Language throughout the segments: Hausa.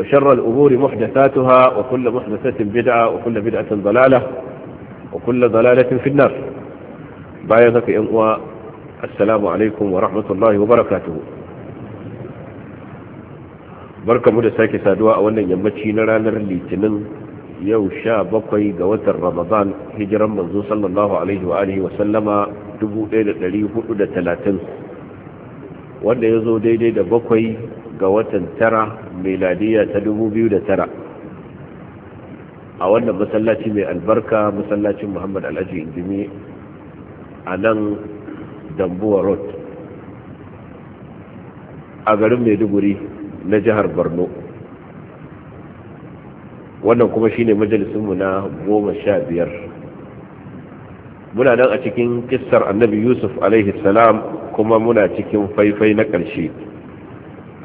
وشر الأمور محدثاتها وكل محدثة بدعة وكل بدعة ضلالة وكل ضلالة في النار بايضك ينقوى السلام عليكم ورحمة الله وبركاته barka mu da sake saduwa a wannan yammaci na ranar litinin yau sha bakwai ga watan ramadan hijiran manzo sallallahu alaihi wa alihi wa sallama wanda ya zo daidai da bakwai ga watan tara miladiyya ta dubu biyu 2009 a wannan masallaci mai albarka masallacin muhammad Al'aji indimi a nan dambuwa road a garin maiduguri na jihar borno wannan kuma shine majalisunmu na goma sha biyar muna nan a cikin kissar annabi yusuf alaihi salam kuma muna cikin faifai na ƙarshe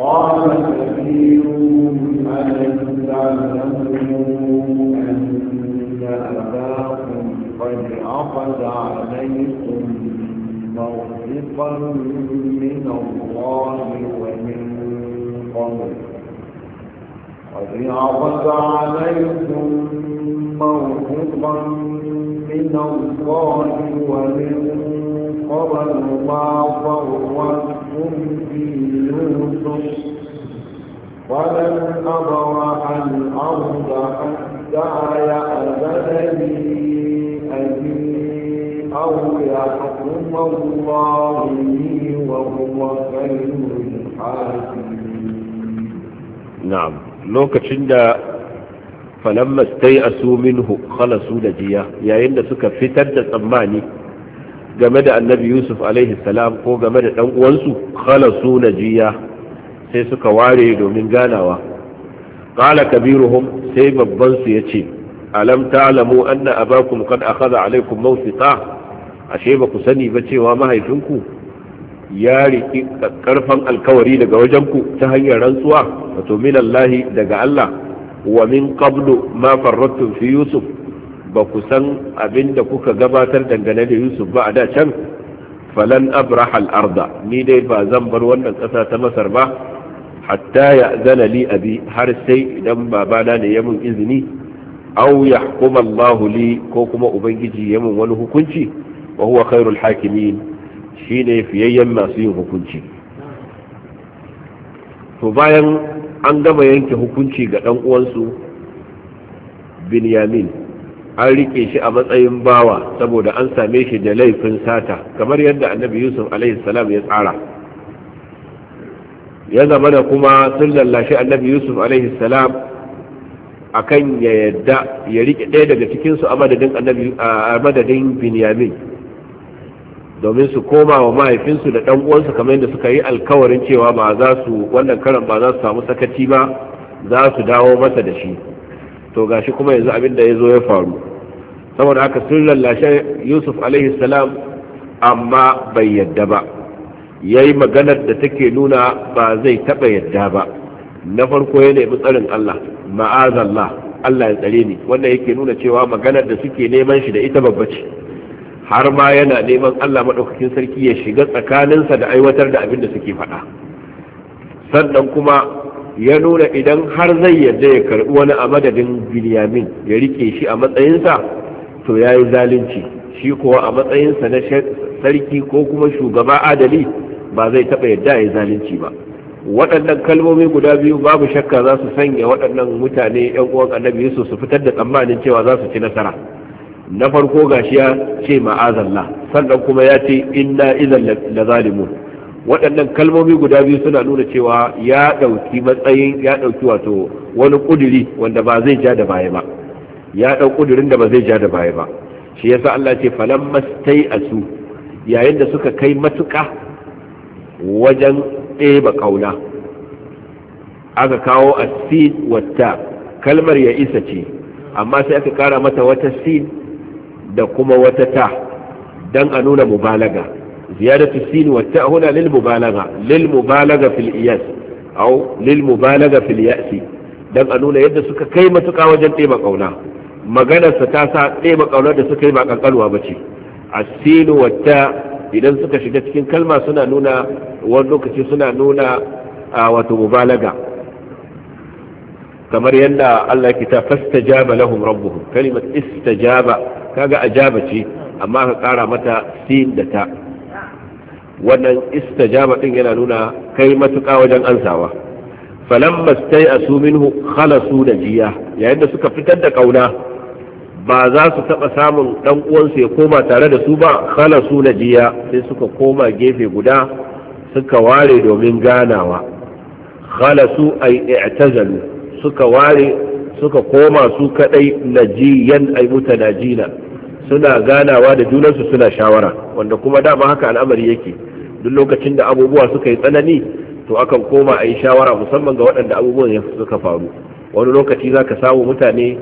قال كثير أن أباكم قد أخذ عليكم من الله ومن قبل قد أخذ عليكم موثقا ومن قبل ما فرطتم به يوسف ولن أبرح الأرض حتى يأذن لي أبي أو يحكم الله لي وهو خير الحاكمين نعم lokacin da falamma stay asu minhu khalasu da jiya yayin da suka fitar da tsammani game da annabi yusuf alaihi salam ko game da dan uwansu khalasu najiya sai suka ware domin ganawa qala kabiruhum sai babban su yace alam ta'lamu anna abakum qad akhadha alaykum mawthiqa ashe ba ku sani ba cewa mahaifinku ya riki karfan alkawari daga wajenku ta hanyar rantsuwa wato minallahi daga Allah wa min qablu ma farrattum fi yusuf ba ku san abin da kuka gabatar dangane da yusuf ba a da can falan abrahal arda ni dai ba zan bar wannan ƙasa ta masar ba hatta ya zana li abi har sai idan babana ne ya mun izini aw yahkuma Allahu li ko kuma ubangiji ya mun wani hukunci wa huwa khairul hakimin shine fiyayyen masu yin hukunci to bayan an gama yanke hukunci ga ɗan uwansu binyamin an rike shi a matsayin bawa saboda an same shi da laifin sata kamar yadda annabi yusuf alaihissalam ya tsara ya zama da kuma sun lallashi annabi yusuf alaihissalam a kan ya yadda ya rike ɗaya daga cikinsu a madadin binyamin domin su koma wa mahaifinsu da ɗan uwansu kamar yadda suka yi alkawarin cewa ba za su wannan karan ba za su samu sakaci ba za su dawo masa da shi to gashi kuma yanzu abin da ya zo ya faru saboda haka sun lallashe yusuf alaihi salam amma bai yadda ba ya yi maganar da take nuna ba zai taɓa yadda ba na farko ya nemi tsarin allah ma'azallah allah ya tsare ni wannan yake nuna cewa maganar da suke neman shi da ita babba ce har ma yana neman allah maɗaukakin sarki ya shiga tsakaninsa da aiwatar da abin da suke faɗa sannan kuma ya nuna idan har zai yadda ya karɓi wani a madadin binyamin ya rike shi a matsayinsa to ya yi zalunci shi kuwa a matsayinsa na sarki ko kuma shugaba adali ba zai taɓa yadda ya yi zalunci ba waɗannan kalmomi guda biyu babu shakka za su sanya waɗannan mutane yan uwan annabi yusuf su fitar da tsammanin cewa za su ci nasara na farko gashi ya ce ma'azallah sannan kuma ya ce inna idan la zalimun waɗannan kalmomi guda biyu suna nuna cewa ya ɗauki matsayin ya ɗauki wato wani ƙuduri wanda ba zai ja da baya ba ya ɗau ƙudurin da ba zai ja da baya ba shi yasa Allah ce falan mastai a su yayin da suka kai matuka wajen ɗeba ƙauna aka kawo a sin wata kalmar ya isa ce amma sai aka ƙara mata wata sin da kuma wata ta don a nuna mubalaga ziyadatu sin wata huna lil mubalaga lil mubalaga fil iyas au lil mubalaga fil ya'si don a nuna yadda suka kai matuƙa wajen ɗeba ƙauna maganarsa ta sa ɗeba ƙaunar da suka yi ba ƙanƙalwa ba ce asinu wata idan suka shiga cikin kalma suna nuna wani lokaci suna nuna a wato mubalaga kamar yadda Allah ki ta fastajaba lahum rabbuhum kalimat istajaba kaga ajaba ce amma ka ƙara mata sin da ta wannan istajaba din yana nuna kai matuƙa wajen ansawa falamma stay asu minhu khalasu da jiya yayin da suka fitar da kauna ba za su taɓa samun ɗan uwansu ya koma tare da su ba khalasu na jiya sai suka koma gefe guda suka ware domin ganawa khalasu ay i'tazalu suka ware suka koma su kadai najiyan ay mutanajina suna ganawa da junansu suna shawara wanda kuma dama haka al'amari yake duk lokacin da abubuwa suka yi tsanani to akan koma a yi shawara musamman ga waɗanda abubuwan suka faru wani lokaci za ka samu mutane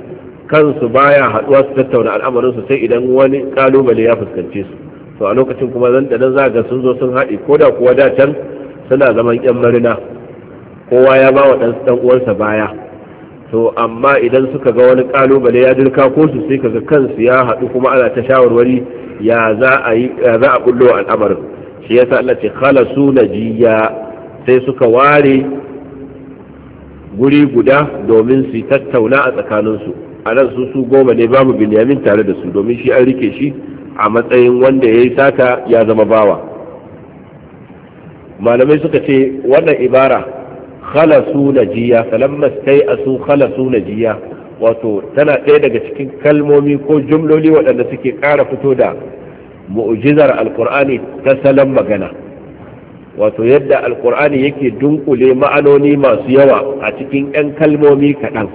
kansu baya haduwa su tattauna al'amarin su sai idan wani kalubale ya fuskance su to a lokacin kuma zan da za ga sun zo sun haɗi ko da kuwa da can suna zaman yan marina kowa ya ba wa ɗan uwansa baya to amma idan suka ga wani kalubale ya dirka ko su sai kaga kansu ya haɗu kuma ana ta shawarwari ya za a yi ya za a bullo al'amarin shi yasa Allah ce khalasu najiya sai suka ware guri guda domin su tattauna a tsakaninsu a nan su su goma ne babu binyamin tare da su domin shi an rike shi a matsayin wanda ya yi sata ya zama bawa malamai suka ce wannan ibara khalasu najiya falamma sai asu khalasu najiya wato tana ɗaya daga cikin kalmomi ko jumloli waɗanda suke ƙara fito da mu'jizar alkur'ani ta salon magana wato yadda alkur'ani yake dunkule ma'anoni masu yawa a cikin 'yan kalmomi kaɗan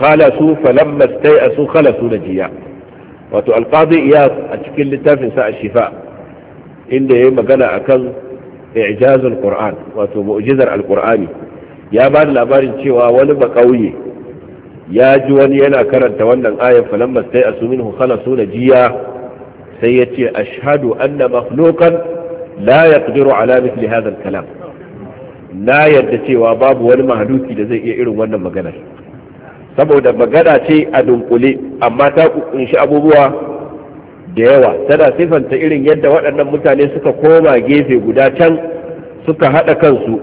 khalasu falamma stai'asu khalasu najiya wato alqadi iyas a cikin littafin a shifa inda yayi magana akan i'jazul qur'an wato mu'jizar alkur'ani ya ba da labarin cewa wani ba kauye ya ji wani yana karanta wannan ayar falamma stai'asu minhu khalasu jiya sai ya ce anna makhluqan la yaqdiru ala mithli hadha al-kalam na yarda cewa babu wani mahaluki da zai iya irin wannan maganar saboda magana ce a dunkule amma ta kunshi abubuwa da yawa tana sifanta irin yadda waɗannan mutane suka koma gefe guda can suka haɗa kansu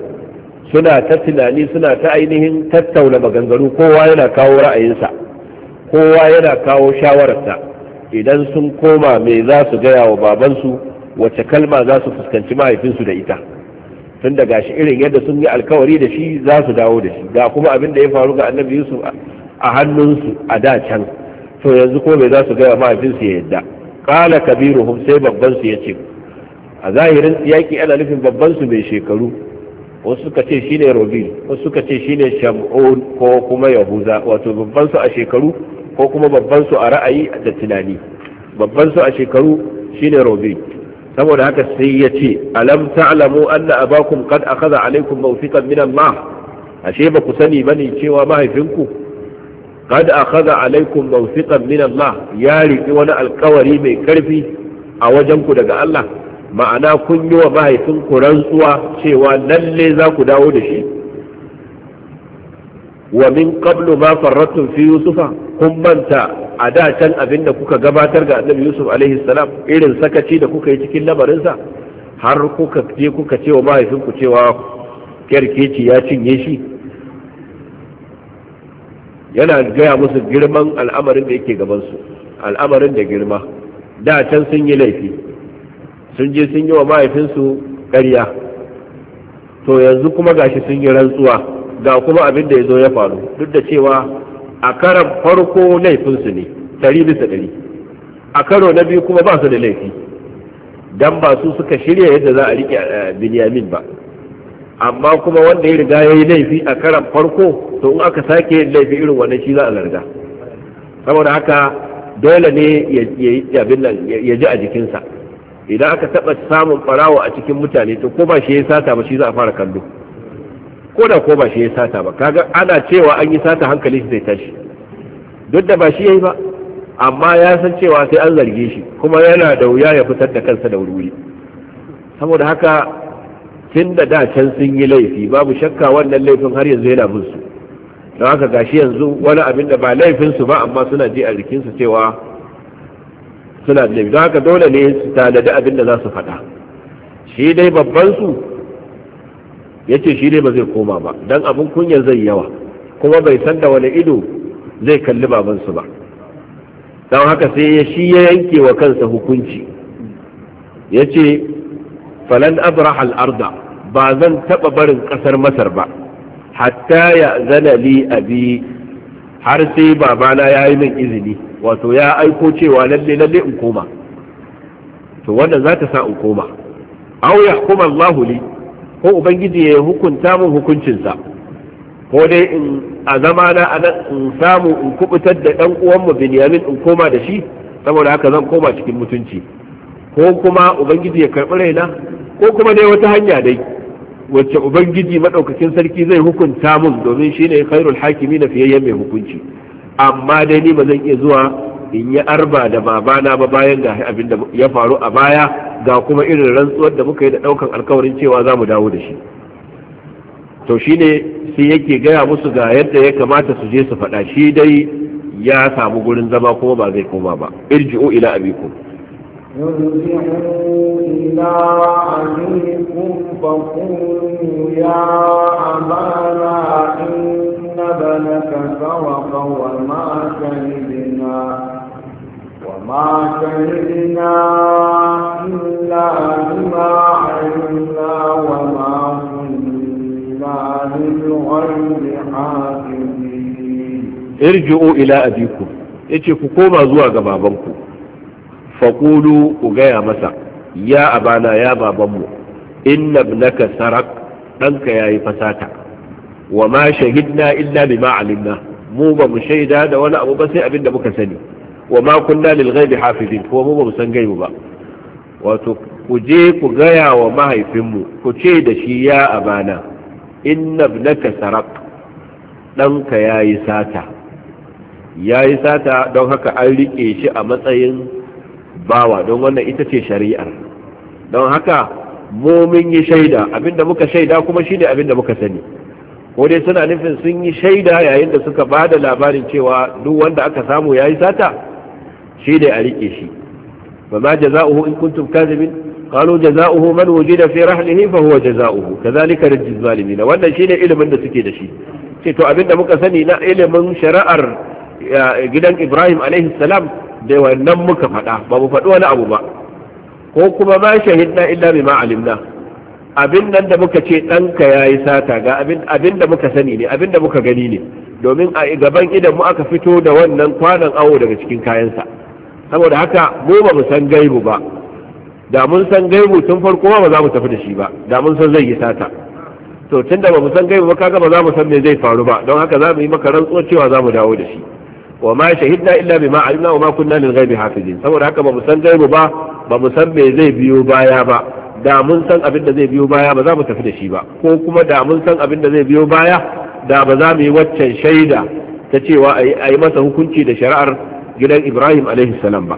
suna ta tunani suna ta ainihin tattauna maganganu kowa yana kawo ra'ayinsa kowa yana kawo shawararsa idan sun koma mai za su gaya wa babansu wacce kalma za su fuskanci mahaifinsu da ita tun da shi irin yadda sun yi alkawari da shi za su dawo da shi ga kuma abin da ya faru ga annabi yusuf a hannunsu a da can to yanzu ko mai za su gaya mahaifinsu ya yadda kala kabiru sai babban su yace a zahirin yaki ana nufin babban su mai shekaru wasu suka ce shine robin wasu suka ce shine Sham'un ko kuma Yahuza wato babban su a shekaru ko kuma babban a ra'ayi da tunani babban su a shekaru shine robin saboda haka sai ya ce alam ta'lamu anna abakum qad akhadha alaykum mawthiqan min Allah ashe ba ku sani bane cewa mahaifinku قد أخذ عليكم موثقا ya riki wani alkawari mai karfi a wajen ku daga Allah, ma'ana kun yi wa mahaifinku rantsuwa cewa lalle za ku dawo da shi wa min qablu ma farratun fi yusufa kun manta a da can abin da kuka gabatar ga annabi yusuf alaihi salam irin sakaci da kuka yi cikin lamarinsa har kuka je kuka cewa mahaifinku cewa kerkeci ya cinye shi yana gaya musu girman al'amarin da yake gabansu al'amarin da girma da can sun yi laifi sun je sun yi wa mahaifinsu ƙarya to yanzu kuma gashi sun yi rantsuwa ga kuma abin da ya zo ya faru duk da cewa a karan farko laifinsu ne ɗari bisa ɗari a karo na biyu kuma ba su da laifi don ba su suka shirya yadda za a riƙe eh, binyamin ba amma kuma wanda ya riga ya yi laifi a karan farko to in aka sake yin laifi irin wannan shi za a larga saboda haka dole ne ya ji a jikinsa idan aka taɓa samun farawa a cikin mutane to ko ba shi ya sata ba shi za a fara kallo ko da ko ba shi ya sata ba kaga ana cewa an yi sata hankali shi zai tashi duk da ba shi ya yi ba amma ya san cewa sai an zarge shi kuma yana da wuya ya fitar da kansa da wuri saboda haka tun da da can sun yi laifi babu shakka wannan laifin har yanzu yana bin su don haka gashi yanzu wani abin da ba laifin su ba amma suna ji a jikinsu cewa suna da don haka dole ne su tanadi abin da za su faɗa shi dai babban su ya ce shi dai ba zai koma ba don abin kunya zai yawa kuma bai san da wani ido zai kalli babansu ba don haka sai shi ya yanke wa kansa hukunci ya ce falan abrah al ba zan taɓa barin ƙasar masar ba hatta ya zana li abi har sai babana ya yi min izini wato ya aiko cewa lalle lalle in koma to wannan za ta sa in koma aw kuma Allahu li ko ubangiji ya hukunta min hukuncinsa ko dai in a zama na anan in samu in kubutar da dan uwanmu Binyamin in koma da shi saboda haka zan koma cikin mutunci ko kuma ubangiji ya karɓi raina ko kuma dai wata hanya dai wacce ubangiji madaukakin sarki zai hukunta mun domin shi ne khairul hakimi na fiyayyen mai hukunci amma dai ni ba zan iya zuwa in yi arba da babana ba bayan ga abin da ya faru a baya ga kuma irin rantsuwar da muka yi da daukan alkawarin cewa za mu dawo da shi to shi ne sai yake gaya musu ga yadda ya kamata su je su faɗa shi dai ya samu gurin zama kuma ba zai koma ba irji'u ila abikum يرجعوا إلى أبيكم فقولوا يا أبانا إن ابنك سرق وما شهدنا وما شهدنا إلا بما علمنا وما كنا للغيب حافظين ارجعوا إلى أبيكم يجي ku زوا zuwa faƙulu ku gaya masa ya abana ya babanmu inna ibnaka sarak ɗanka ya yi fasata wa ma shahidna illa bima alimna mu ba mu shaida da wani abu ba sai abin da muka sani wa ma kunna lil ghaibi hafizin ko mu ba mu san gaibu ba wato ku je ku gaya wa mahaifinmu ku ce da shi ya abana inna ibnaka sarak ɗanka ya yi sata ya yi sata don haka an riƙe shi a matsayin bawa don wannan ita ce shari'ar don haka mu yi shaida abinda muka shaida kuma shine abinda muka sani ko dai suna nufin sun yi shaida yayin da suka ba da labarin cewa duk wanda aka samu ya yi sata shi dai a riƙe shi ba ma jaza'uhu in kuntum kazibin qalu jaza'uhu man wujida fi rahlihi fa huwa jaza'uhu kadhalika rajul na wannan shine ilimin da suke da shi ce to abinda muka sani na ilimin shari'ar gidan Ibrahim alaihi salam da wannan muka faɗa ba mu faɗi wani abu ba ko kuma ma shahidna illa bima alimna abin nan da muka ce ɗanka ya yi sata ga abin da muka sani ne abin da muka gani ne domin a gaban idan mu aka fito da wannan kwanan awo daga cikin kayansa saboda haka mu ba mu san gaibu ba da mun san gaibu tun farko ba za mu tafi da shi ba da mun san zai yi sata to tun da ba mu san gaibu ba kaga ba za mu san me zai faru ba don haka za mu yi maka rantsuwa cewa za mu dawo da shi wa ma shahidna illa bima alimna wa ma kunna lil ghaibi hafizin saboda haka ba mu san gaibu ba ba mu san me zai biyo baya ba da mun san abin da zai biyo baya ba za mu tafi da shi ba ko kuma da mun san abin da zai biyo baya da ba za mu yi waccan shaida ta cewa a yi masa hukunci da shari'ar gidan Ibrahim alaihi salam ba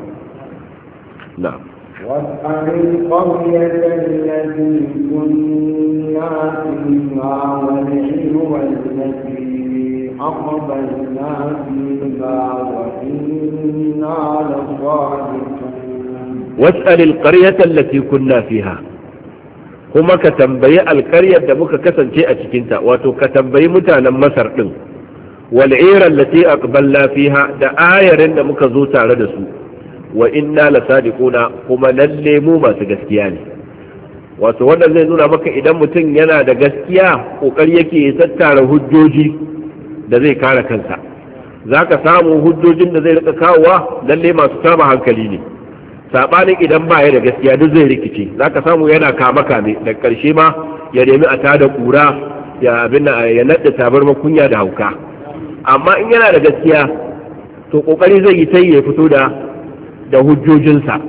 na'am واسأل القرية التي كنا فيها أقبلنا فيها وإنا لصادقون واسأل القرية التي كنا فيها kuma ka tambayi alkaryar da muka kasance a cikinta wato ka tambayi mutanen masar ɗin wal'irar a aqballa fiha da ayarin da muka zo tare da su wa inna la sadiquna kuma lalle mu masu gaskiya ne wato wannan zai nuna maka idan mutum yana da gaskiya kokari yake ya tattara hujjoji da zai kare kansa za ka samu hujjojin da zai rika kawowa lalle masu kama hankali ne saɓanin idan ba ya da gaskiya duk zai rikice za ka samu yana kama kame da ƙarshe ma ya nemi a tada ƙura, ya abin ya naɗa tabar makunya da hauka amma in yana da gaskiya to ƙoƙari zai yi ta ya fito da da hujjojinsa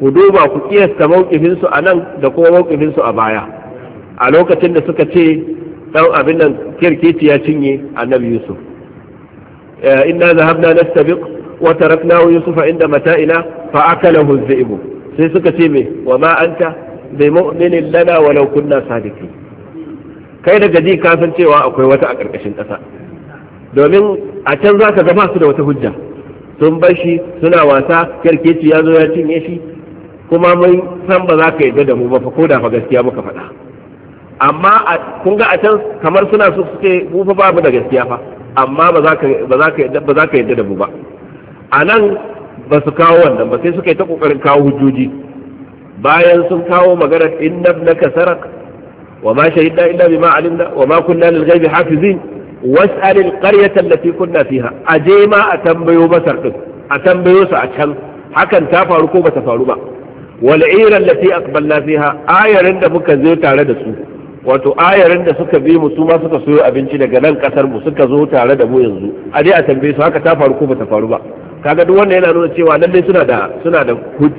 ku duba ku kiyasta mawƙifinsu a nan da kuma mawƙifinsu a baya a lokacin da suka ce dan abin nan kirkiti ya cinye annabi yusuf eh, inna zahabna nastabiq wa tarakna yusuf inda mata'ina fa akalahu dhi'bu sai suka ce me wa ma anta bi mu'minin lana walau kunna sadiqin kai daga ji ka san cewa akwai wata a karkashin kasa domin a can za ka gaba su da wata hujja sun bar shi suna wasa kirkeci ya zo ya cinye shi kuma mun san ba za ka yarda da mu ba fa ko da fa gaskiya muka faɗa amma kun ga a can kamar suna so suke kufa babu ba mu da gaskiya fa amma ba za ka ba yadda da mu ba a nan ba su kawo wannan ba sai suka yi ta kokarin kawo hujjoji bayan sun kawo magana inna na sarak wa ma shahidna illa bima alimna wa ma kunna lil ghaibi hafizin was'al al qaryata allati kunna fiha aje ma a tambayo basar din a tambayo su a can hakan ta faru ko ba ta faru ba wal ira allati aqbalna fiha ayarin da muka zo tare da su wato ayarin da suka bi mu su ma suka soyo abinci daga nan kasar mu suka zo tare da mu yanzu a dai a tambaye su haka ta faru ko bata faru ba kaga duk wannan yana nuna cewa lalle suna da suna da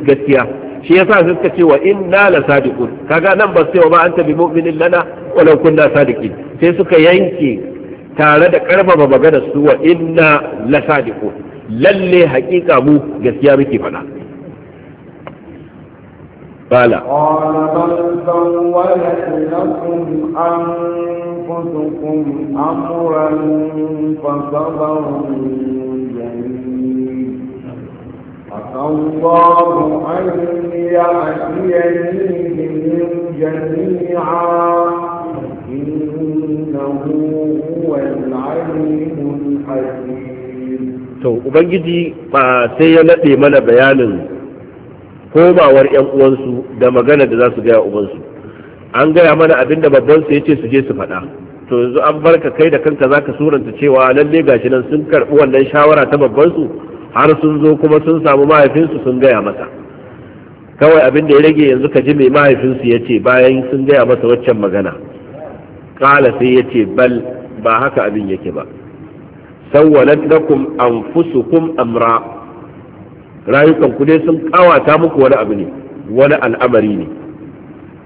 gaskiya shi yasa suka ce wa inna la sadiqun kaga nan ba sai ba anta bi mu'minin lana walau kunna sadiqin sai suka yanke tare da karfafa magana su wa inna la sadiqun lalle hakika mu gaskiya muke faɗa قال قال بل سولت لكم أنفسكم أمرا فصبر جميل عسى الله أن يأتيني بهم جميعا إنه هو العليم الحكيم. To, Ubangiji ba sai ya naɗe mana bayanin komawar yan uwansu da magana da za su gaya ubansu an gaya mana abin da babban su yace su je su faɗa to yanzu an barka kai da kanka zaka suranta cewa lalle gashi nan sun karɓi wannan shawara ta babban su har sun zo kuma sun samu mahaifinsu sun gaya masa kawai abin da ya rage yanzu ka ji mai mahaifinsu ya ce bayan sun gaya masa waccan magana kala sai ya ce bal ba haka abin yake ba sawwalat lakum anfusukum amra rayukan ku dai sun kawata muku wani abu ne wani al'amari ne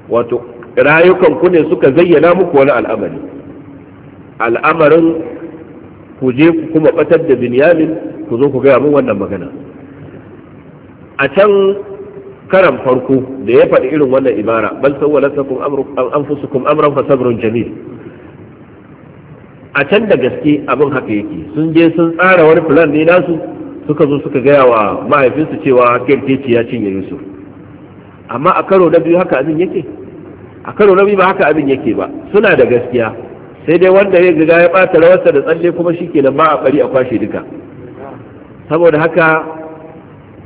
wato rayukan ku ne suka zayyana muku wani al'amari al'amarin ku je ku kuma batar da binyamin ku zo ku gaya mun wannan magana a can karan farko da ya faɗi irin wannan ibara bal sawwalat lakum anfusukum amran fa sabrun jamil a can da gaske abin haka yake sun je sun tsara wani plan ne nasu suka zo suka gaya wa mahaifinsu cewa kerkeci ya cinye yusuf amma a karo na biyu haka abin yake a karo na biyu ba haka abin yake ba suna da gaskiya sai dai wanda ya gaga ya bata rawarsa da tsalle kuma shi ke ba a bari a kwashe duka saboda haka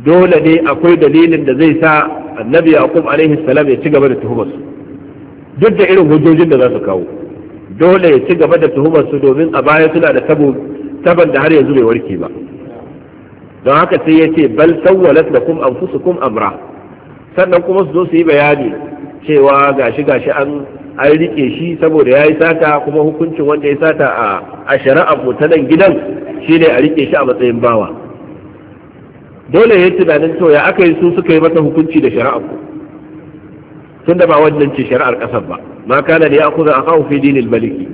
dole ne akwai dalilin da zai sa annabi yaqub alaihi salam ya ci gaba da tuhumarsu duk da irin hujjojin da za su kawo dole ya ci gaba da tuhumarsu domin a baya suna da tabo taban da har yanzu bai warke ba don haka sai ya ce bal sawwalat lakum anfusukum amra sannan kuma su zo su yi bayani cewa gashi gashi an an rike shi saboda ya sata kuma hukuncin wanda ya sata a shari'a ko ta nan gidan shine a rike shi a matsayin bawa dole ya yi tunanin to ya aka yi su suka yi mata hukunci da shari'a ku tun da ba wannan ce shari'ar kasar ba ma kana ne ya kuza a kawo fi dinil maliki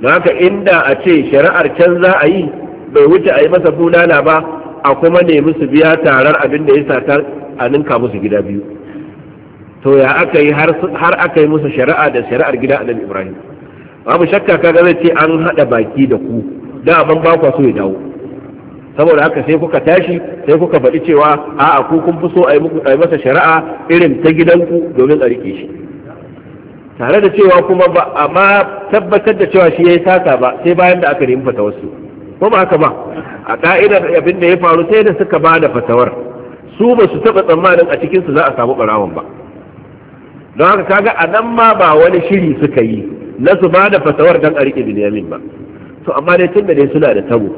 don haka inda a ce shari'ar can za a yi bai wuce a yi masa bulala ba a kuma nemi su biya tarar abin da ya sata a ninka musu gida biyu to ya aka yi har aka yi musu shari'a da shari'ar gida annabi ibrahim babu shakka kaga zai ce an hada baki da ku da abin ba so ya dawo saboda haka sai kuka tashi sai kuka faɗi cewa a a ku kun fi so a yi masa shari'a irin ta gidanku domin a rike shi tare da cewa kuma ba amma tabbatar da cewa shi ya yi sata ba sai bayan da aka nemi fata wasu ko ba haka ba a ka'idar abin da ya faru sai da suka ba da fatawar su ba su taɓa tsammanin a cikinsu za a samu ɓarawon ba don haka kaga a nan ma ba wani shiri suka yi na su ba da fatawar don a riƙe binyamin ba to amma dai tun da dai suna da tabo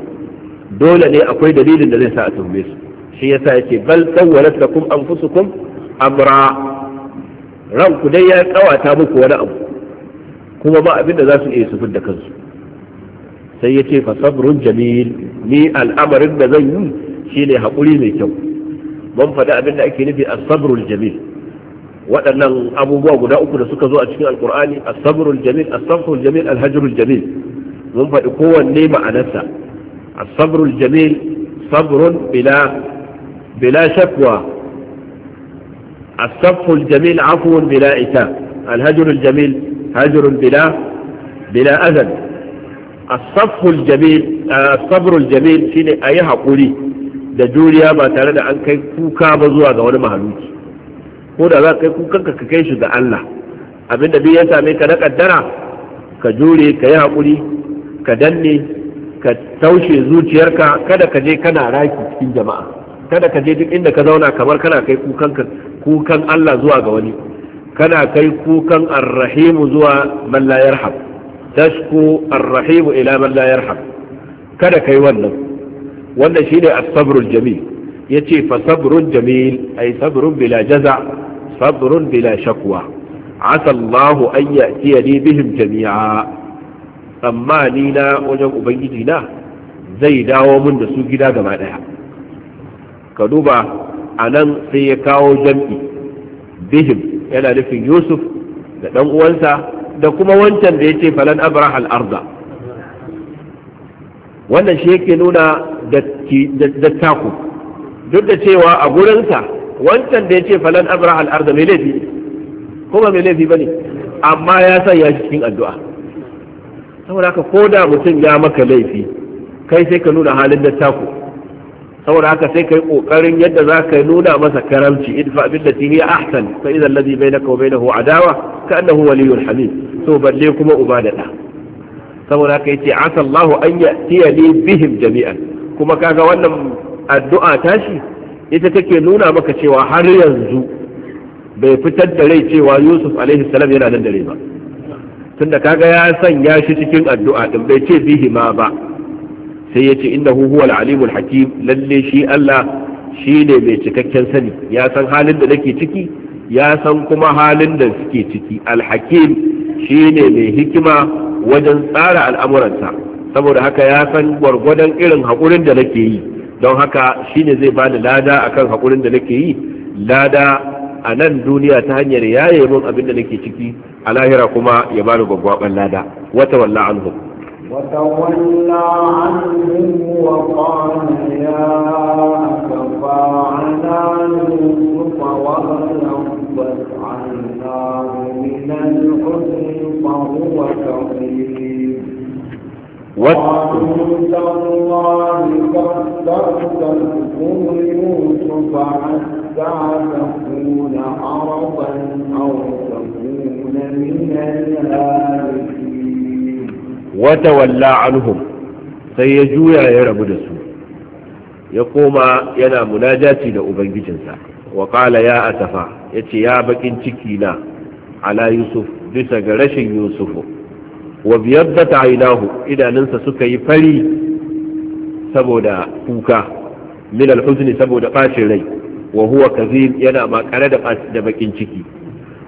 dole ne akwai dalilin da zai sa a tuhume su shi yasa yake bal tsawwalat lakum anfusukum amra ranku dai ya tsawata muku wani abu kuma ba abin da za su iya su da kansu sai ya ce fasabrun jamil ni al'amarin da zan yi shi ne haƙuri mai kyau mun faɗi abin da ake nufi asabrul jamil waɗannan abubuwa guda uku da suka zo a cikin alƙur'ani asabrul jamil asabrul jamil alhajrul jamil mun faɗi kowanne ma'anarsa asabrul jamil sabrun bila bila shakwa asabrul jamil afwun bila ita alhajrul jamil hajrun bila bila azan asaful jamil eh, sabrul jamil shine ayi hakuri da juriya ba tare da an kai kuka ba zuwa ga wani mahaluki ko da za ka kai kukan ka kai shi ga Allah abinda duk ya same ka na kaddara ka jure ka yi hakuri ka danne ka taushe zuciyarka kada ka je kana raki cikin jama'a kada ka je duk inda ka zauna kamar kana kai kukan kukan Allah zuwa ga wani kana kai kukan arrahimu zuwa man la yarham tashku arrahimu ila man la yarham kada kai wannan wannan shine as-sabrul jamil yace fa sabrun jamil ay sabrun bila jaza sabrun bila shakwa asa Allahu an ya'tiyani bihim jami'a amma ni na wajen ubangiji na zai dawo mun da su gida gaba daya ka duba anan sai ya kawo jam'i bihim yana nufin Yusuf da dan uwansa da kuma wancan da yace falan abrahal arda wannan shi yake nuna da taku duk da cewa a gurinsa wancan da yace falan abrahal arda mai laifi kuma mai laifi bane amma ya san ya cikin addu'a saboda haka ko da mutum ya maka laifi kai sai ka nuna halin da taku saboda haka sai kai kokarin yadda za ka nuna masa karamci idfa billati hiya ahsan fa idza alladhi bainaka wa bainahu adawa ka annahu waliyyun hamid to balle kuma uba da da saboda haka yace asa Allahu an ya'tiya li bihim jami'an kuma kaga wannan addu'a tashi ita take nuna maka cewa har yanzu bai fitar da rai cewa Yusuf alaihi salam yana nan dare ba tunda kaga ya sanya shi cikin addu'a din bai ce bihima ba sai ya ce inda huwal alimul hakim lalle shi Allah shi ne mai cikakken sani ya san halin da nake ciki ya san kuma halin da suke ciki alhakim shi ne mai hikima wajen tsara al'amuransa saboda haka ya san gwargwadon irin haƙurin da nake yi don haka shi ne zai bani lada akan haƙurin da nake yi lada a nan duniya ta hanyar yaye min abin da nake ciki a lahira kuma ya bani gwaggwaban lada wata walla وتولى عنهم وقال يا أسفى على يوسف وغلبت عيناه من الحزن فهو كظيم وقالوا تالله قد ترتكم يوسف حتى تكون عربا أو تكون من الهالكين wata walla anhum sai ya juya ya rabu da su ya koma yana munajaci da ubangijinsa wa kala ya atafa yace ya bakin ciki na ala yusuf bisa ga rashin yusufu wa biyar da ainahu idanunsa suka yi fari saboda kuka min alhuzni saboda bacin rai wa huwa yana makare da da bakin ciki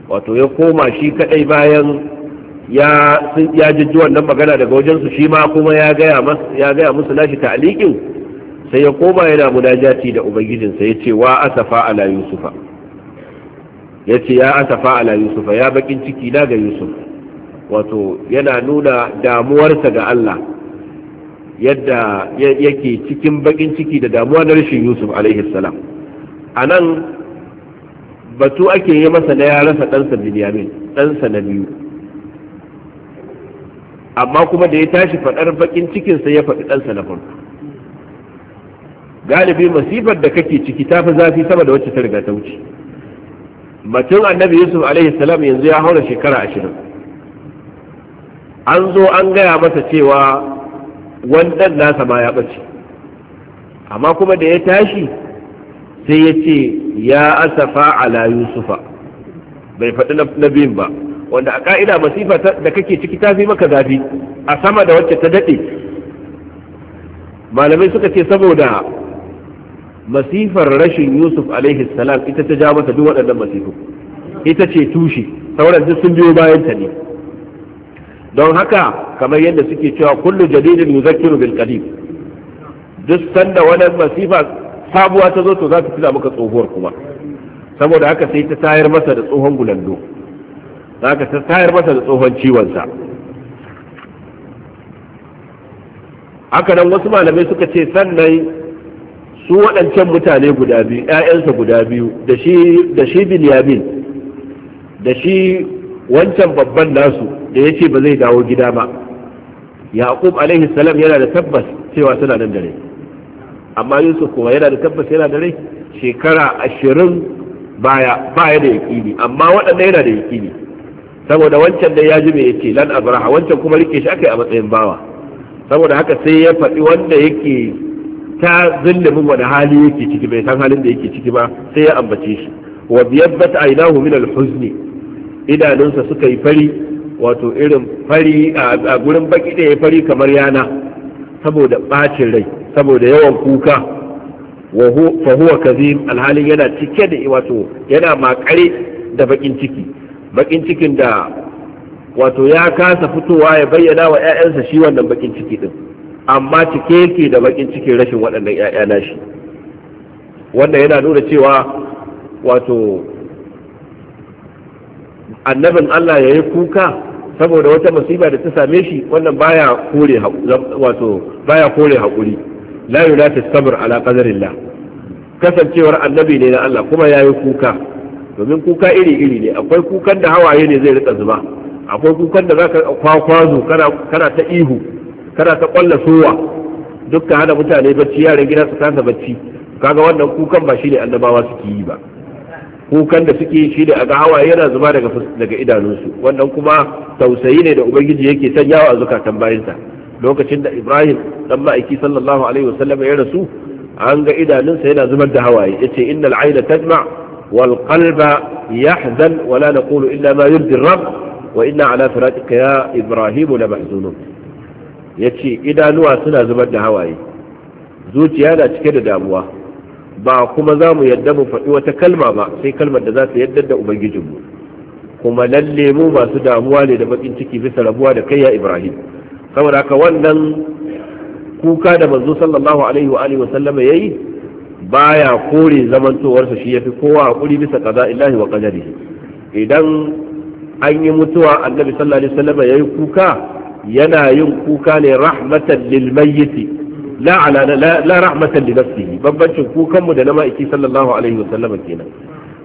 wato ya koma shi kadai bayan ya jijji wannan magana daga wajensu shi ma kuma ya gaya musu nashi ta'liqin sai ya koma yana munajati da ubangijinsa ya ce wa asafa ala yusufa ya ce ya asafa ala yusufa ya bakin ciki na ga yusuf wato yana nuna damuwarsa ga Allah yadda yake cikin bakin ciki da damuwa na rashin yusuf a nan batu ake yi masa na ya rasa ɗansa binyamin ɗansa na biyu amma kuma da ya tashi faɗar baƙin cikinsa ya faɗi ɗansa na farko galibi masifar da kake ciki ta fi zafi sama da wacce ta riga ta wuce batun annabi yusuf alaihi salam yanzu ya haura shekara ashirin an zo an gaya masa cewa wannan nasa ma ya ɓace amma kuma da ya tashi sai ya ce ya asafa ala yusufa bai faɗi na biyun ba wanda a ka'ida masifa da kake ciki ta fi maka zafi a sama da wacce ta daɗe malamai suka ce saboda masifar rashin yusuf alaihi salam ita ta ja masa duk waɗannan masifu ita ce tushe sauran duk sun biyo bayan ta ne don haka kamar yadda suke cewa kullu jadidin yuzakkiru bil qadim duk sanda wannan masifa sabuwa ta zo to za ta tuna maka tsohuwar kuma saboda haka sai ta tayar masa da tsohon gulando za ka ta tayar masa da tsohon ciwonsa haka nan wasu malamai suka ce sannan su waɗancan mutane guda biyu ‘ya'yansa guda biyu da shi binyamin da shi wancan babban nasu da ya ce ba zai dawo gida ba yaqub alaihi salam yana da tabbas cewa suna nan da amma yusuf kuma yana da tabbas yana da rai shekara ashirin baya baya da yaƙini amma waɗanda yana da yaƙini saboda wancan da ya ji mai yake lan abraha wancan kuma rike shi akai a matsayin bawa saboda haka sai ya faɗi wanda yake ta zullumin wani hali yake ciki bai san halin da yake ciki ba sai ya ambace shi wa biyabbat aynahu min al-huzni idanunsa suka yi fari wato irin fari a gurin baki da ya fari kamar yana saboda bacin rai saboda yawan kuka fa huwa kazim alhalin yana cike da wato yana makare da bakin ciki bakin cikin da wato ya kasa fitowa ya bayyana wa 'ya'yansa shi wannan bakin ciki din amma cike yake da bakin cikin rashin waɗannan 'ya'ya nashi Wannan yana nuna cewa wato annabin Allah ya yi kuka saboda wata musiba da ta same shi wannan baya kore wato baya kore hakuri la yunata sabr ala qadarillah kasancewar annabi ne na Allah kuma ya yi kuka domin kuka iri-iri ne akwai kukan da hawaye ne zai rika zuba akwai kukan da za ka kwakwazo kana ta ihu kana ta kwalla sowa dukka hana mutane bacci yaran gida su kasa bacci kaga wannan kukan ba shine annabawa suke yi ba kukan da suke shi da aga hawaye yana zuba daga daga idanunsu wannan kuma tausayi ne da ubangiji yake sanyawa a zukatan bayinsa lokacin da ibrahim dan ma'aiki sallallahu alaihi wasallam ya rasu an ga idanunsa yana zubar da hawaye yace innal aina tajma' والقلب يحزن ولا نقول إلا ما يرضي الرب وإنا على فراقك يا إبراهيم لمحزونون يتشي إذا نوى سنة زبد هواي zuciya na cike da damuwa ba kuma za mu yadda mu faɗi wata kalma ba sai kalmar da za ta yadda da ubangijinmu kuma lalle mu masu damuwa ne da bakin ciki bisa rabuwa da kai ya ibrahim saboda haka wannan kuka da manzo sallallahu alaihi wa alihi wa sallama yayi baya kore zamantowarsa shi yafi kowa hakuri bisa kaza illahi wa qadari idan an yi mutuwa annabi sallallahu alaihi wasallam yayi kuka yana yin kuka ne rahmatan lil mayyit la ala la rahmatan li nafsihi babbancin kukan mu da na ma'aiki sallallahu alaihi wasallam kenan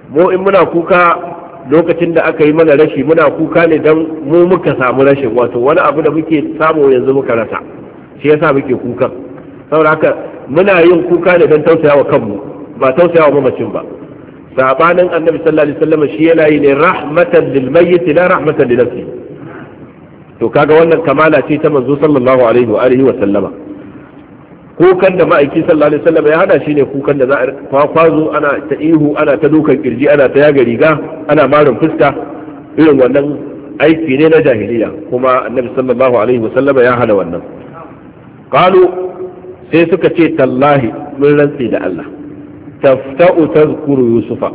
mu in muna kuka lokacin da aka yi mana rashi muna kuka ne dan mu muka samu rashin wato wani abu da muke samu yanzu muka rasa shi yasa muke kukan saboda haka muna yin kuka ne don tausayawa kanmu ba tausayawa mamacin ba sabanin annabi sallallahu alaihi wasallam shi yana yi ne rahmatan lil mayyit la rahmatan li nafsi to kaga wannan kamala ce ta manzo sallallahu alaihi wa alihi wa sallama kukan da ma'aiki sallallahu alaihi wasallam ya hada shine kukan da za a kwazo ana ta ihu ana ta dukan kirji ana ta yaga riga ana marin fuska irin wannan aiki ne na jahiliya kuma annabi sallallahu alaihi wa wasallama ya hada wannan qalu sai suka ce tallahi mun rantse da Allah tafta'u tazkuru yusufa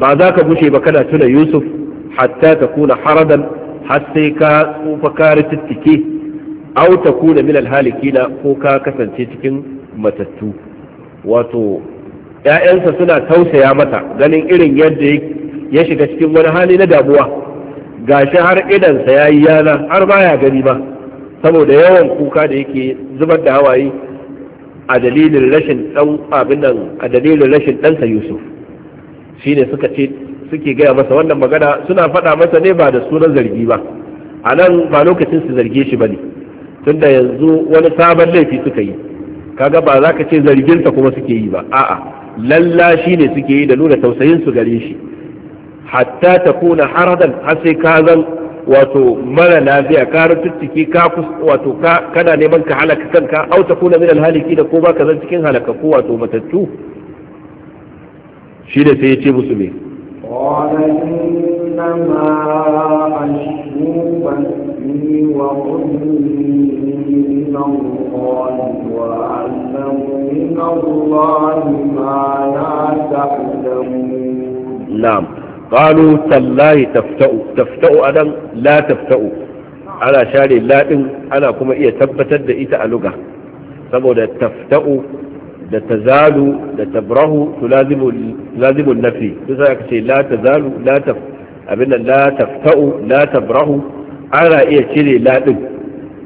ba za ka gushe ba kana tuna yusuf hatta ta kuna haradan har sai ka tsufa kare tittike au ta kuna min alhalikina ko ka kasance cikin matattu wato ‘ya'yansa suna tausaya mata ganin irin yadda ya shiga cikin wani hali na damuwa gashi har idansa ya yi yana har baya gani ba saboda yawan kuka da yake zubar da hawaye a dalilin rashin dan abin nan a dalilin rashin ɗansa Yusuf shine suka ce suke gaya masa wannan magana suna faɗa masa ne ba da sunan zargi ba a nan ba lokacin su zarge shi bane tunda yanzu wani sabon laifi suka yi kaga ba za ka ce zarginsa kuma suke yi ba a'a lalla shi ne suke yi da nuna tausayin su gare shi hatta ta kuna haradan har sai ka zan wato mara lafiya ka rututtuki ka wato ka kana neman ka halaka kanka au ta kuna min alhaliki da ko ba ka zan cikin halakaku wato matattu shi da sai ya ce musu me قال إنما أشكو بثي وحزني إلى الله وأعلم من الله ما لا تعلمون na'am. qalu tallahi tafta'u tafta'u adan la tafta'u ana share ladin ana kuma iya tabbatar da ita a luga saboda tafta'u da tazalu da tabrahu tulazimu lazimun nafi duk sai aka ce la tazalu la taf abinda la tafta'u la tabrahu ana iya cire laɗin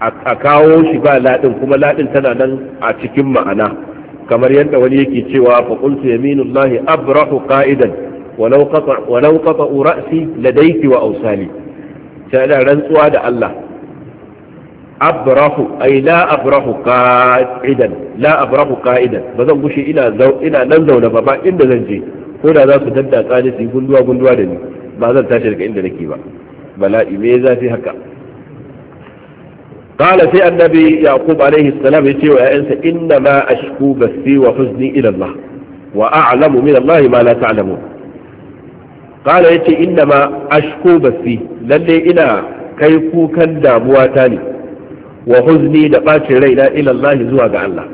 a kawo shi ba laɗin kuma laɗin tana nan a cikin ma'ana kamar yadda wani yake cewa fa qultu yaminullahi abrahu qa'idan walau qata walau qata ra'si ladayki wa awsali sai da rantsuwa da Allah abrahu ay la abrahu qa'idan la abrahu qa'idan bazan ina nan zauna ba inda zan je ko su dadda tsani su gunduwa gunduwa da ni ba zan daga inda nake ba bala'i me zafi haka قال في النبي يعقوب عليه السلام يتيو يا إنسى إنما أشكو بثي وحزني إلى الله وأعلم من الله ما لا تعلمون ya ce inda ma ashku basi lalle ina kai kukan damuwa ta ne wa huzni da bacin raina ila Allah zuwa ga Allah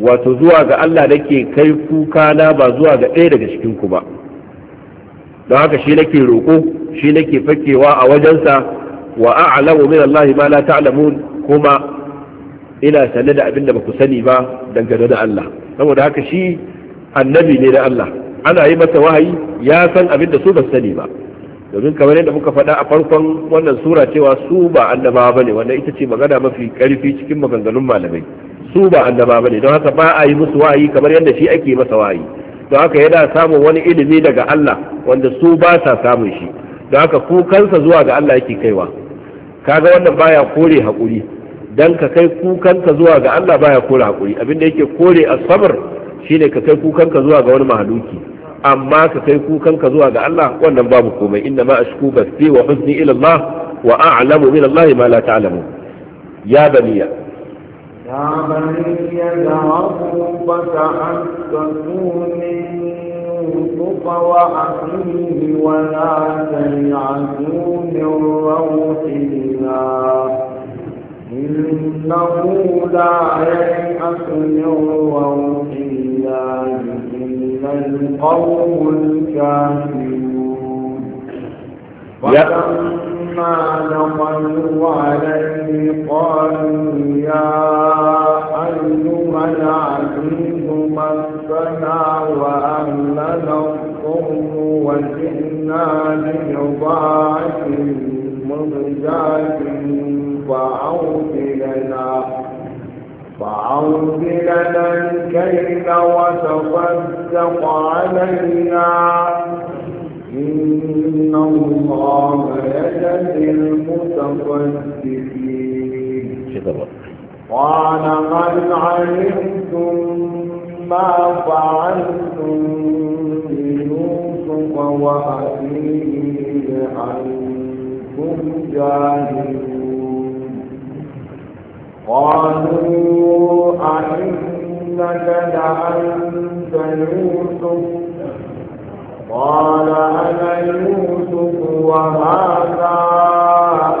wato zuwa ga Allah nake kai kuka na ba zuwa ga ɗaya daga cikin ku ba don haka shi nake roƙo shi nake fakewa a wajensa wa a'lamu min Allah ma la ta'lamun kuma ina sane da abin da ba ku sani ba dangane da Allah saboda haka shi annabi ne da Allah ana yi masa wahayi ya san abin da su ba sani ba domin kamar yadda muka faɗa a farkon wannan sura cewa su ba annaba ne wanda ita ce magana mafi karfi cikin maganganun malamai su ba annaba ne don haka ba a yi musu wahayi kamar yadda shi ake masa wahayi don haka yana samun wani ilimi daga Allah wanda su ba sa samun shi don haka kukansa zuwa ga Allah yake kaiwa kaga wannan baya kore hakuri dan ka kai kukanka zuwa ga Allah baya kore hakuri abin da yake kore asabar shine ka kai kukanka zuwa ga wani mahaluki amma ka kai kukan ka zuwa ga Allah wannan babu komai inna ma ashku basti wa huzni ila Allah wa a'lamu min Allah ma la ta'lamu ya baniya ya baniya da'u fa ta'assu يوسف وأخيه ولا تيعسوا من روح الله إنه لا ييأس من روح الله إلا القوم الكافرون فلما دخلوا عليه قالوا يا أيها العزيز مسنا وأهلنا الضر وجئنا ببضاعة مضجات فأعوذ لنا فأعوذ لنا الكيل وتصدق علينا إن الله يجد المتصدقين قال قد علمتم ما فعلتم بيوسف وأخيه عن كنتم جاهلون قالوا أئنك لأنت يوسف قال أنا يوسف وهذا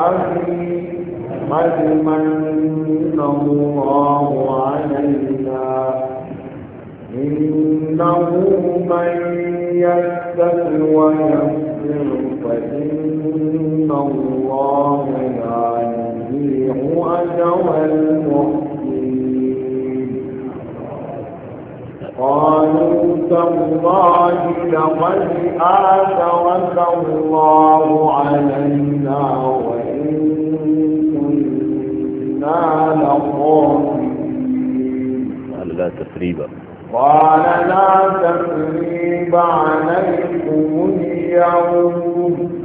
أخي قد من الله علينا إنه من يتق ويصبر وإن الله لا يضيع أجر المحسنين قالوا تالله لقد آثرك الله علينا وإن كنا قال لا تثريب. قال لا تقريب عليكم اليوم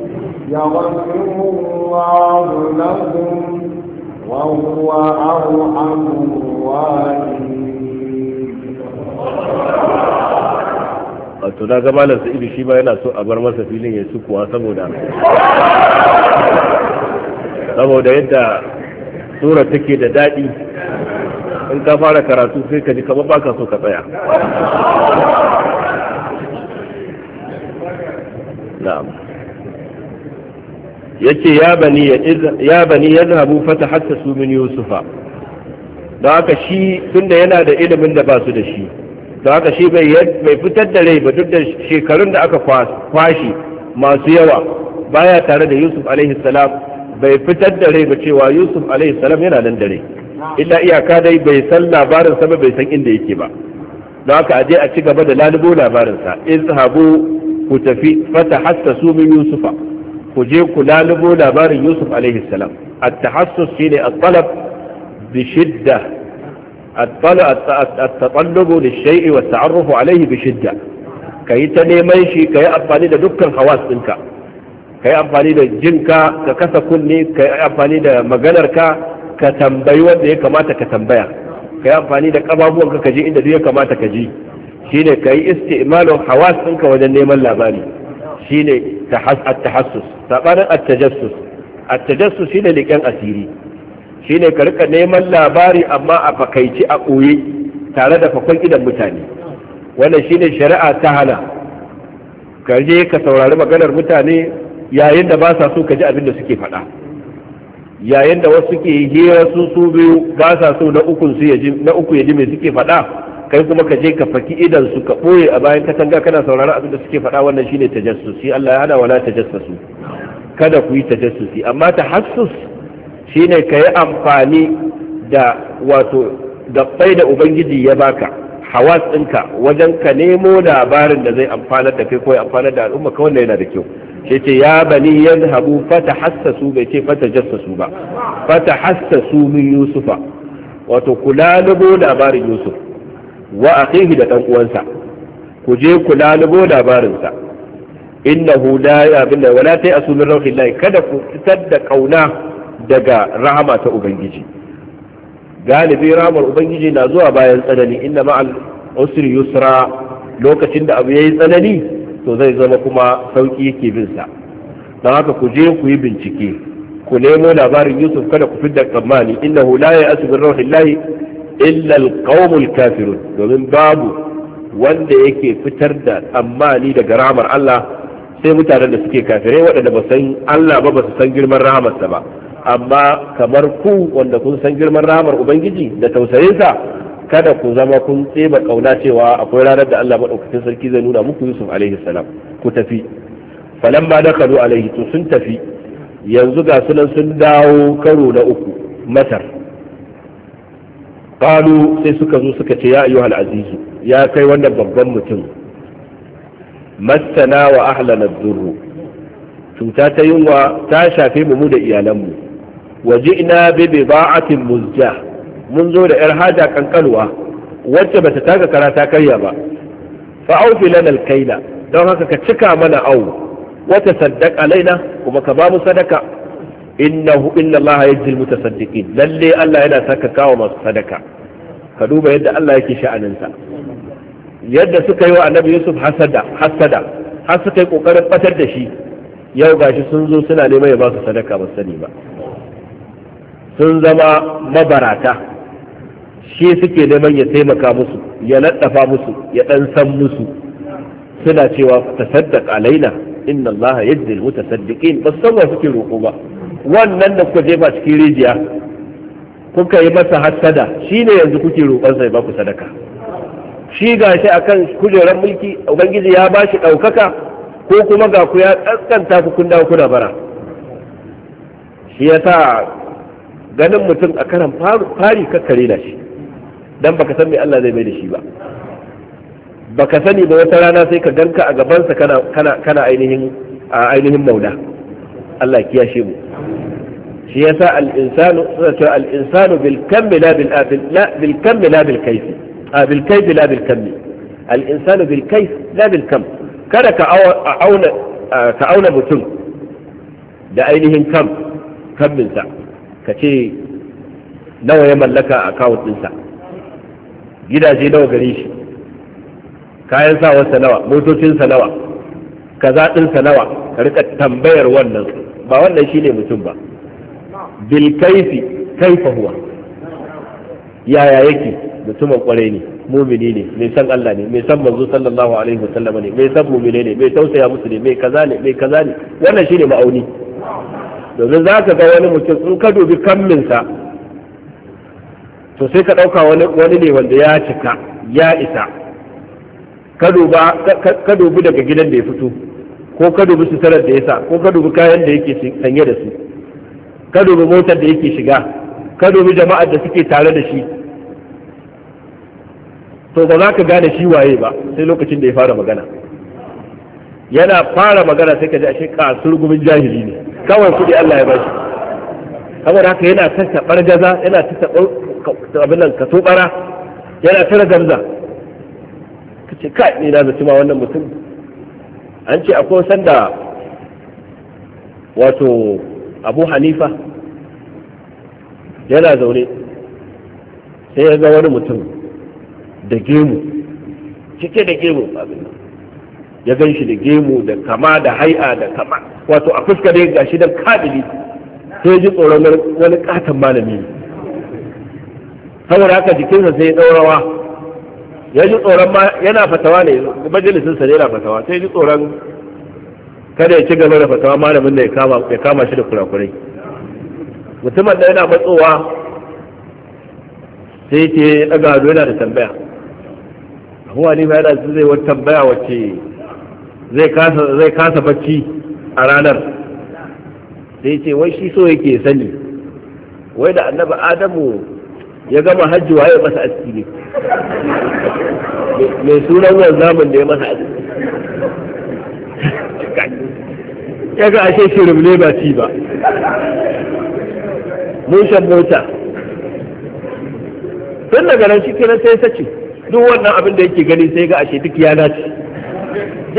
يغفر الله لكم وهو أرحم الراحمين wato na ga malam sa'idu shi ba yana so a bar masa filin ya sukuwa saboda saboda yadda sura take da daɗi in ka fara karatu sai ka ji kamar baka so ka tsaya na'am yace ya bani ya bani yadhabu fatahassasu min yusufa don haka shi tunda yana da ilimin da ba su da shi don haka shi bai fitar da rai ba duk da shekarun da aka kwashi masu yawa baya tare da yusuf alaihi salam bai fitar da rai ba cewa yusuf alaihi salam yana nan da rai illa iyaka dai bai san labarin sa ba bai san inda yake ba don haka aje a ci gaba da lalubo labarin sa izhabu ku tafi fata fatahassasu min yusufa ku je ku lalubo labarin yusuf alaihi salam at-tahassus shine at-talab bi shidda at-tatallubu lish-shay'i wa taarrufu alayhi bi shidda kai ta neman shi kai amfani da dukkan hawas ɗinka kai amfani da jinka ka kasa kunne kai amfani da maganarka ka tambayi wanda ya kamata ka tambaya ka yi amfani da ƙababuwanka ka je inda duk ya kamata ka je shine ka yi isti'malin hawas ɗinka wajen neman labari shine at-tahassus sabanin at-tajassus at-tajassus shine leƙen asiri shine ka rika neman labari amma a fakaici a ɓoye tare da fakon idan mutane wannan shine shari'a ta hana ka je ka saurari maganar mutane yayin da ba sa so ka ji abin da suke faɗa yayin da wasu ke hira su su biyu ba sa so na uku su ji na uku ji me suke faɗa kai kuma ka je ka faki idan su ka boye a bayan katanga kana sauraron abin da suke faɗa wannan shine tajassusi Allah ya hada wala tajassusu kada ku yi tajassusi amma tahassus shine ka yi amfani da wato da gabbai da ubangiji ya baka hawas ɗinka wajen ka nemo labarin da zai amfanar da kai ko ya amfanar da al'umma kawai ne yana da kyau sai ya bani yadhabu fatahassasu bai ce fatajassasu ba fatahassasu min yusufa wato ku lalubo labarin yusuf wa akhihi da dan uwansa ku je ku lalubo labarinsa innahu la yabin la wala ta'asu min rauhillahi kada ku fitar da kauna daga rahama ta ubangiji galibi rahamar ubangiji na zuwa bayan tsanani inna ma'al usri yusra lokacin da abu yayi tsanani to zai zama kuma sauki yake bin sa don haka ku je ku yi bincike ku nemo labarin yusuf kada ku fidda tsammani innahu la ya'asu min rauhillahi illa alqaumul kafirun domin babu wanda yake fitar da tsammani daga ramar Allah sai mutanen da suke kafirai waɗanda ba san Allah ba ba su san girman rahamarsa ba amma kamar ku wanda kun san girman rahamar ubangiji da tausayinsa kada ku zama kun tseba kauna cewa akwai ranar da Allah madaukakin sarki zai nuna muku Yusuf alaihi salam ku tafi falamma dakalu alaihi to sun tafi yanzu ga sunan sun dawo karo na uku matar Falo sai suka zo suka ce ya ayyuhal azizu ya kai wannan babban mutum massana wa ahlana dhurru cuta ta yunwa ta shafe mu da iyalanmu Waje ina bi bida'atin muzjah mun zo da yar haja kankanuwa wacce bata taka kara ta karya ba fa aufi lana alkaila don haka ka cika mana au wata saddaka laina kuma ka ba mu sadaka innahu inna allaha yajzil mutasaddiqin lalle Allah yana saka kawo masu sadaka ka duba yadda Allah yake sha'aninsa yadda suka yi wa annabi Yusuf hasada hasada har suka yi kokarin batar da shi yau gashi sun zo suna neman ya ba su sadaka ba sani ba sun zama mabarata shi suke neman ya taimaka musu ya laddafa musu ya dan san musu suna cewa tasaddaq alaina inna Allah yajzi almutasaddiqin ba san wa suke roko ba wannan da kuka jefa cikin rijiya kuka yi masa hassada shine yanzu kuke roƙon sai ba ku sadaka shi gashi akan kujerar mulki ubangiji ya bashi ɗaukaka ko kuma ga ku ya kaskanta ku kun dawo kuna bara shi yasa ganin mutum a karan fari kakkare da shi dan baka san me Allah zai mai da shi ba baka sani ba wata rana sai ka ganka a gabansa kana kana kana ainihin a ainihin maula Allah kiyashe mu shi yasa al-insanu suna cewa al-insanu bil kammi la bil afil la bil kammi la bil kayf a bil kayf la bil kammi al-insanu bil kayf la bil kam kada ka auna ka auna mutum da ainihin kam kamminsa ka ce nawa ya mallaka a account ɗinsa gidaje nawa gare shi kayan sawarsa nawa motocinsa nawa kaza din nawa ka rika tambayar wannan ba wannan shine mutum ba bil kaifi kaifa huwa yaya yake mutumin kwarai ne mumini ne mai san Allah ne mai san manzo sallallahu alaihi wasallam ne mai san mumine ne mai tausaya musu ne mai kaza ne mai kaza ne wannan shine ma'auni domin za ga wani mutum in ka dubi kamminsa to sai ka ɗauka wani ne wanda ya cika ya isa ka dubi daga gidan da ya fito ko ka dubi sutarar da ya sa ko ka dubi kayan da yake sanye da su ka dubi motar da yake shiga ka dubi jama'ar da suke tare da shi to ba za ka gane shi waye ba sai lokacin da ya fara magana yana fara magana sai ka ji ashe kasur surgumin jahili ne kawai kuɗi Allah ya bashi kamar haka yana ta gaza yana ta abin nan ka tobara yana tara gamza ka ce kai ne na zaci ma wannan mutum an ce akwai sanda wato abu hanifa yana zaune sai ya ga wani mutum da gemu cike da gemu abin ya gan shi da gemu da kama da hai'a da kama wato a fuska dai gashi da kabili sai ji tsoron wani katon malami ne saboda haka jikinsa sai ya ɗaurawa ya ji tsoron ma yana fatawa ne majalisinsa ne yana fatawa sai ji tsoron kada ya ci gaba da fatawa malamin da ya kama shi da kurakurai mutumin da yana matsowa sai ke a hado yana da tambaya huwa ne yana da zai wani tambaya wacce zai kasa bacci a ranar sai ce wai shi so yake sani wai da annaba adamu ya gama hajji waye masa aski ne mai sunan zaman da ya masa aski ya ga ashe shirin ne ba ci ba mun shan mota tun daga nan shi kenan sai sace duk wannan abin da yake gani sai ga ashe duk ya dace.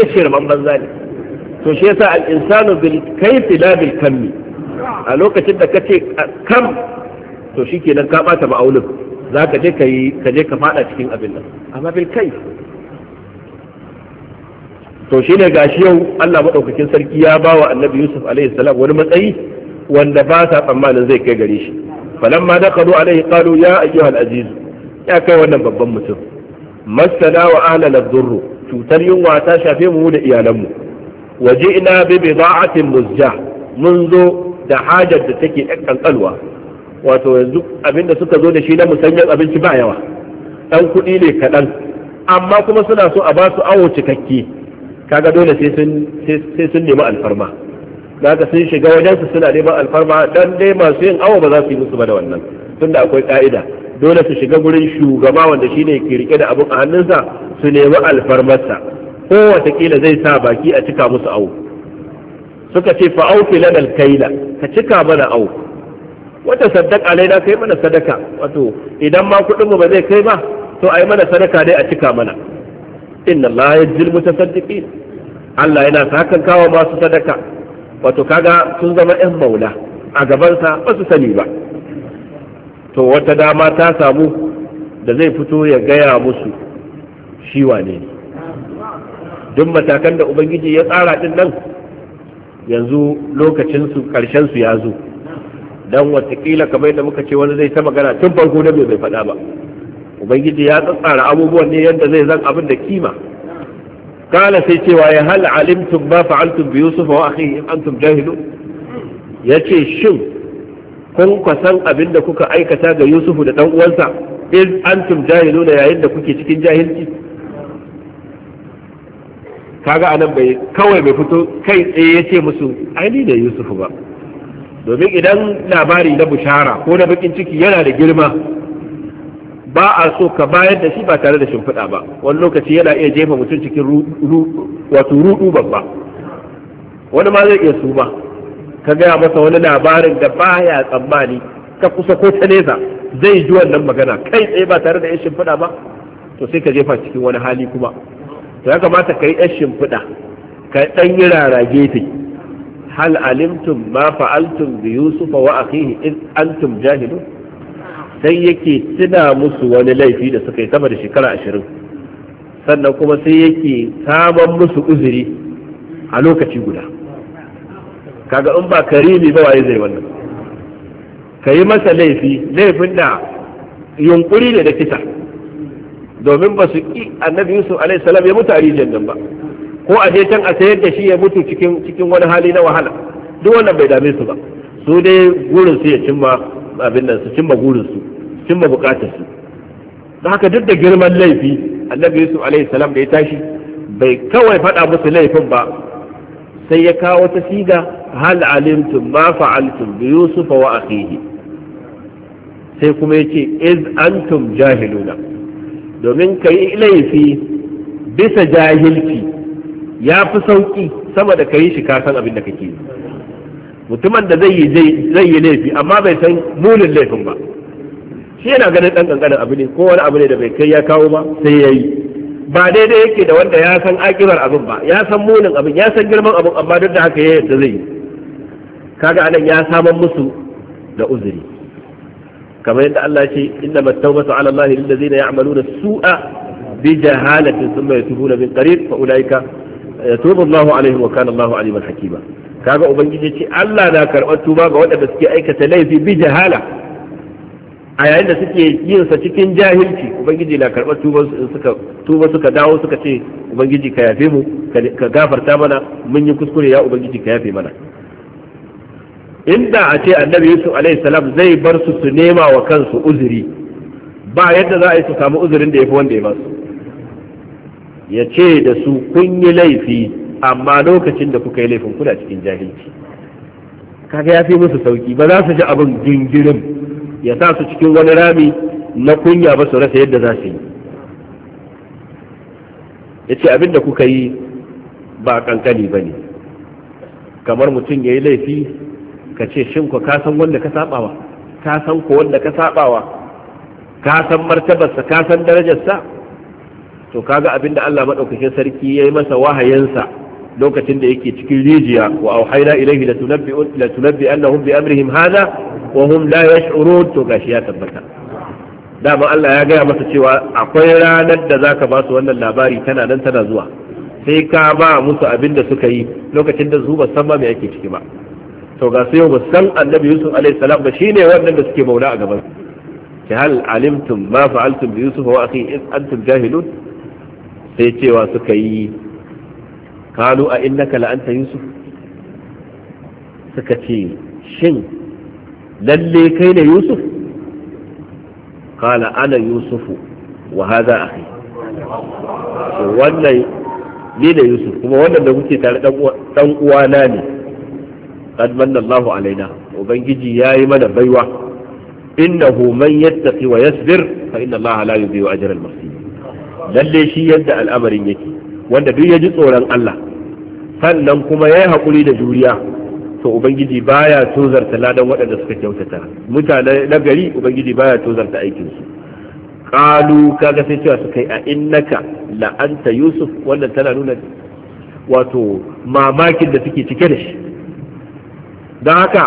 ya shirman banza ne to shi yasa al-insanu bil kayfi la bil kammi a lokacin da kace kam to kenan ka bata ma'aunin za ka je ka yi ka je ka cikin abin nan amma bil kai to shine gashi yau Allah maɗaukakin sarki ya ba wa annabi Yusuf alaihi salam wani matsayi wanda ba sa tsammanin zai kai gare shi falamma dakalu alaihi qalu ya ayyuhal aziz ya kai wannan babban mutum masana wa ahlana dhurru cutar yunwa ta shafe mu da iyalanmu waje ina bi bida'atin muzja mun zo da hajar da take kankalwa wato yanzu abin da suka zo da shi na musanyen abinci ba yawa ɗan kuɗi ne kaɗan amma kuma suna so a ba su awo cikakke kaga dole sai sun nemi alfarma daga sun shiga wajen su suna neman alfarma dan dai masu yin awo ba za su yi musu ba da wannan tunda akwai ka'ida dole su shiga gurin shugaba wanda shine ke rike da abun a hannunsa su nemi alfarmarsa ko watakila zai sa baki a cika musu awo suka ce fa auki lanal kaila ka cika mana awo wata sadaka alaina kai mana sadaka wato idan ma kuɗin mu ba zai kai ba to ai mana sadaka dai a cika mana inna la yajzil mutasaddiqin Allah yana sakan kawo masu sadaka wato kaga sun zama yan maula a gabansa ba su sani ba to wata dama ta samu da zai fito ya gaya musu shi wane ne duk matakan da ubangiji ya tsara din nan yanzu lokacinsu su ya zo dan watakila kamar yadda muka ce wani zai ta magana tun farko da bai faɗa ba ubangiji ya tsatsara abubuwan ne yadda zai zan abin da kima kala sai cewa ya hal alimtum ba fa'altum bi yusuf wa akhihi in antum jahilun yace shin kun san abin da kuka aikata ga yusuf da dan uwansa in antum jahilun yayin da kuke cikin jahilci kaga anan bai kawai bai fito kai tsaye yace musu ai ni da yusuf ba domin idan labari na bushara ko na bakin ciki yana da girma ba a so ka bayar da shi ba tare da shimfiɗa ba wani lokaci yana iya jefa mutum cikin wato rudu babba wani ma zai iya su ba ka gaya masa wani labarin da ba ya tsammani ka kusa ko ta nesa zai ji wannan magana kai tsaye ba tare da yan shimfiɗa ba to sai ka jefa cikin wani hali kuma to ya kamata ka yi yan shimfiɗa ka ɗan yi rarage ta hal alimtum ma fa'altum bi yusufa wa akhihi id antum jahilu? sai yake tuna musu wani laifi da suka yi sama da shekara ashirin sannan kuma sai yake saman musu uzuri a lokaci guda kaga in ba karimi ba waye zai wannan ka yi masa laifi laifin da yunkuri ne da kisa domin ba su ƙi annabi yusuf salam ya mutu a rijiyar ba ko a je can a sayar da shi ya mutu cikin cikin wani hali na wahala duk wannan bai dame su ba su dai gurin su ya cimma abin nan su cimma gurin su cimma bukatar su don haka duk da girman laifi annabi yusuf alaihi salam da ya tashi bai kawai faɗa musu laifin ba sai ya kawo ta siga hal alimtum ma fa'altum bi yusuf wa akhihi sai kuma yace iz antum jahiluna domin kai laifi bisa jahilci ya fi sauki sama da yi shi ka san abin da kake mutumin da zai yi zai yi laifi amma bai san munin laifin ba shi yana ganin dan kankanin abu ne ko wani abu ne da bai kai ya kawo ba sai ya yi ba daidai yake da wanda ya san akibar abin ba ya san munin abin ya san girman abin amma duk da haka ya yadda zai yi kaga anan ya saman musu da uzuri kamar yadda Allah ce inna mattawbatu ala Allah lil ladina ya'maluna su'a bi jahalatin thumma yatubuna min qarib fa ulaika ya tuba Allahu alaihi wa kana Allahu aliman hakima kaga ubangiji ce Allah na karɓar tuba ga waɗanda suke aikata laifi bi jahala a yayin da suke yin sa cikin jahilci ubangiji na karɓar tuba suka tuba suka dawo suka ce ubangiji ka yafe mu ka gafarta mana mun yi kuskure ya ubangiji ka yafe mana inda a ce annabi yusuf alaihi salam zai bar su su nema wa kansu uzuri ba yadda za a yi su samu uzurin da ya fi wanda ya ba su ya ce da su kun yi laifi amma lokacin da kuka yi laifin kuna cikin jahilci kaga ya fi musu sauki ba za su ji abin gingirin ya sa su cikin wani rami na kunya ba su rasa yadda za su yi ya ce abin da kuka yi ba kankani ba ne kamar mutum ya yi laifi ka ce shin ku ka san wanda ka sabawa ka ko wanda ka sabawa ka martabarsa ka darajarsa to kaga abinda Allah madaukakin sarki yayi masa wahayansa lokacin da yake cikin rijiya wa auhayna ilayhi la tunabbi la tunabbi annahum bi amrihim hadha wa hum la yash'urun to gashi ya tabbata dama Allah ya gaya masa cewa akwai ranar da zaka ba su wannan labari tana nan tana zuwa sai ka ba musu abin da suka yi lokacin da su ba san ba me yake ciki ba to ga sai yau ba san annabi yusuf alaihi salam ba shine wannan da suke maula a gaban ki hal alimtum ma fa'altum bi yusuf wa akhi in antum jahilun sai cewa suka yi kanu a innaka la'anta yusuf suka ce shin lalle kai ne yusuf kala ana yusufu wa haza kai wannan ni da yusuf kuma wannan da kuke tare dan uwana ne qad manna Allahu alaina ubangiji yayi mana baiwa innahu man yattaqi wa yasbir fa inna Allaha la yudhi'u ajra al-muhsinin lalle shi yadda al'amarin yake wanda duk ya ji tsoron Allah sannan kuma ya yi haƙuri da juriya to ubangiji baya tozarta ladan waɗanda suka kyautata mutane na gari ubangiji baya tozarta aikinsu qalu kaga sai cewa suka yi a innaka la anta yusuf wannan tana nuna wato mamakin da suke cike da shi don haka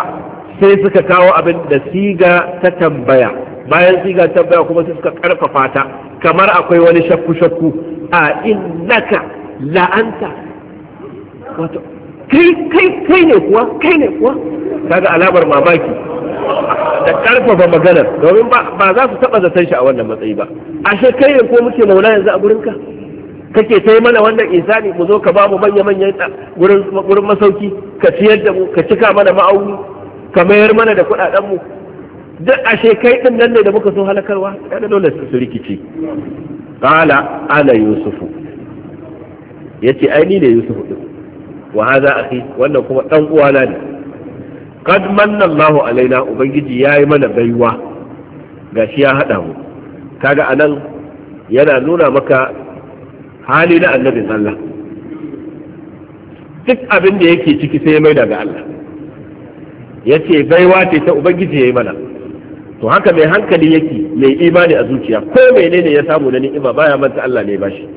sai suka kawo abin da siga ta tambaya bayan siga tambaya kuma sai suka karfafa ta kamar akwai wani shakku-shakku a innaka la'anta wato kai kai kai ne kuwa kai ne kuwa kaga alamar mamaki da karfafa maganar domin ba za su taba zaton shi a wannan matsayi ba ashe kai ne ko muke maula yanzu a gurinka kake sai mana wannan insani mu zo ka ba mu manya manyan gurin masauki ka ciyar da mu ka cika mana ma'auni ka mayar mana da kuɗaɗen mu duk a kai din nan ne da muka so halakarwa da dole su rikici qala ana yusufu yace ai ni ne yusufu din wa hadha akhi wannan kuma dan uwana ne kad manna Allahu alaina ubangiji yayi mana baiwa gashi ya hada mu kaga anan yana nuna maka hali na annabin Allah duk abin da yake ciki sai mai daga Allah yace baiwa ce ta ubangiji yayi mana to haka mai hankali yake mai imani a zuciya ko menene ya samu da ni'ima baya manta Allah ne ya bashi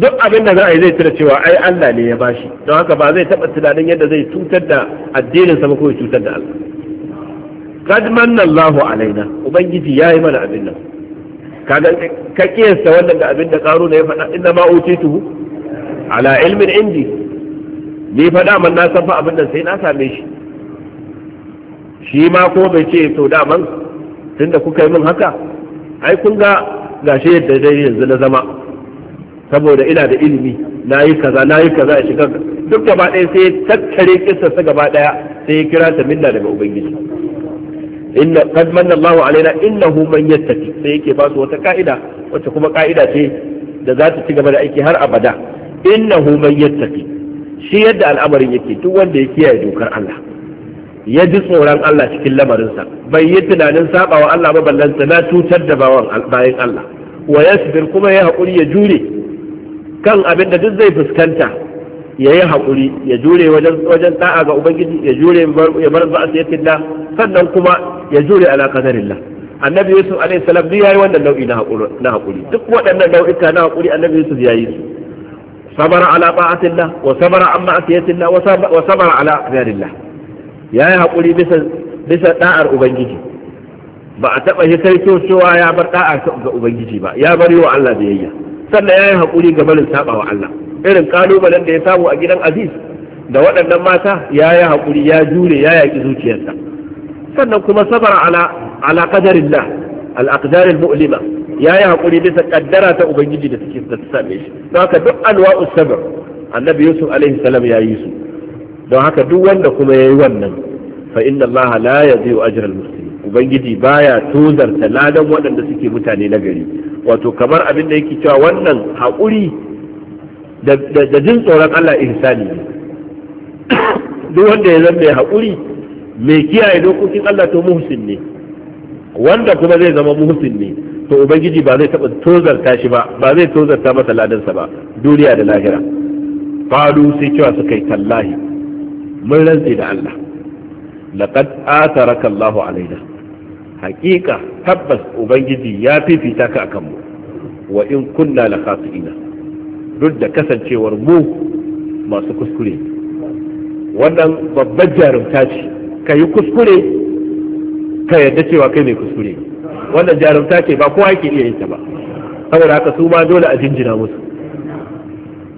duk abin da za a yi zai tuna cewa ai Allah ne ya bashi don haka ba zai taɓa tunanin yadda zai cutar da addinin sa ko ya cutar da Allah kad manna Allahu alaina ubangiji yayi mana abin nan kaga ka kiyasta wannan da abin da karo ne ya faɗa inna ma utitu ala ilmin indi ni faɗa man na san fa abin nan sai na same shi shi ma ko bai ce to daman tunda kuka yi min haka ai kun ga gashi yadda dai yanzu na zama saboda ina da ilimi na yi kaza na yi kaza a shiga duk gaba ɗaya sai tattare kissarsa gaba ɗaya sai ya kira ta minna daga ubangiji inna qad manna Allahu alaina innahu man yattaqi sai yake ba su wata ka'ida wacce kuma ka'ida ce da za ta ci gaba da aiki har abada innahu man yattaqi shi yadda al'amarin yake duk wanda ya kiyaye dokar Allah ya ji tsoron Allah cikin lamarinsa bai yi tunanin saba wa Allah maballanta na cutar da bawan bayan Allah wa yasbir kuma ya haƙuri ya jure kan abin da duk zai fuskanta ya yi haƙuri ya jure wajen wajen ga ubangiji ya jure ya bar ba da? sannan kuma ya jure ala qadarillah annabi yusuf alaihi salam duk yi wannan nau'i na haƙuri na haƙuri duk waɗannan nau'ika na haƙuri annabi yusuf yi su sabara ala ta'atillah wa sabara amma asiyatillah wa sabara ala qadarillah ya yi haƙuri bisa ɗa'ar ubangiji ba a taɓa shi cewa ya bar ɗa'a ga ubangiji ba ya bari wa Allah biyayya sannan ya yi haƙuri ga barin saɓa wa Allah irin ƙalubalen da ya samu a gidan aziz da waɗannan mata ya yi haƙuri ya jure ya yaƙi zuciyarsa sannan kuma sabar ala ala qadarillah al mu'lima ya yi haƙuri bisa kaddara ta ubangiji da suke da ta same shi don haka duk anwa'us sabr annabi yusuf alaihi salam ya yi su don haka duk wanda kuma ya yi wannan fa inna allaha la yadhi'u ajra al-muslimin ubangiji baya tozarta ladan waɗanda suke mutane nagari, wato kamar abin da yake cewa wannan haƙuri da jin tsoron Allah ihsani ne duk wanda ya zama mai haƙuri mai kiyaye dokokin Allah to muhsin ne wanda kuma zai zama muhsin ne to ubangiji ba zai taɓa tozarta shi ba ba zai tozarta masa ladansa ba duniya da lahira Fadu sai cewa suka yi tallahi mun rantse da Allah laqad ataraka Allahu alaina haqiqa tabbas ubangiji ya fifita ka akan mu wa in kunna la khasiina duk da kasancewar mu masu kuskure wannan babbar jarumta ce ka yi kuskure ka yarda cewa kai mai kuskure wannan jarumta ce ba kowa yake iya yin ta ba saboda haka su ma dole a jinjina musu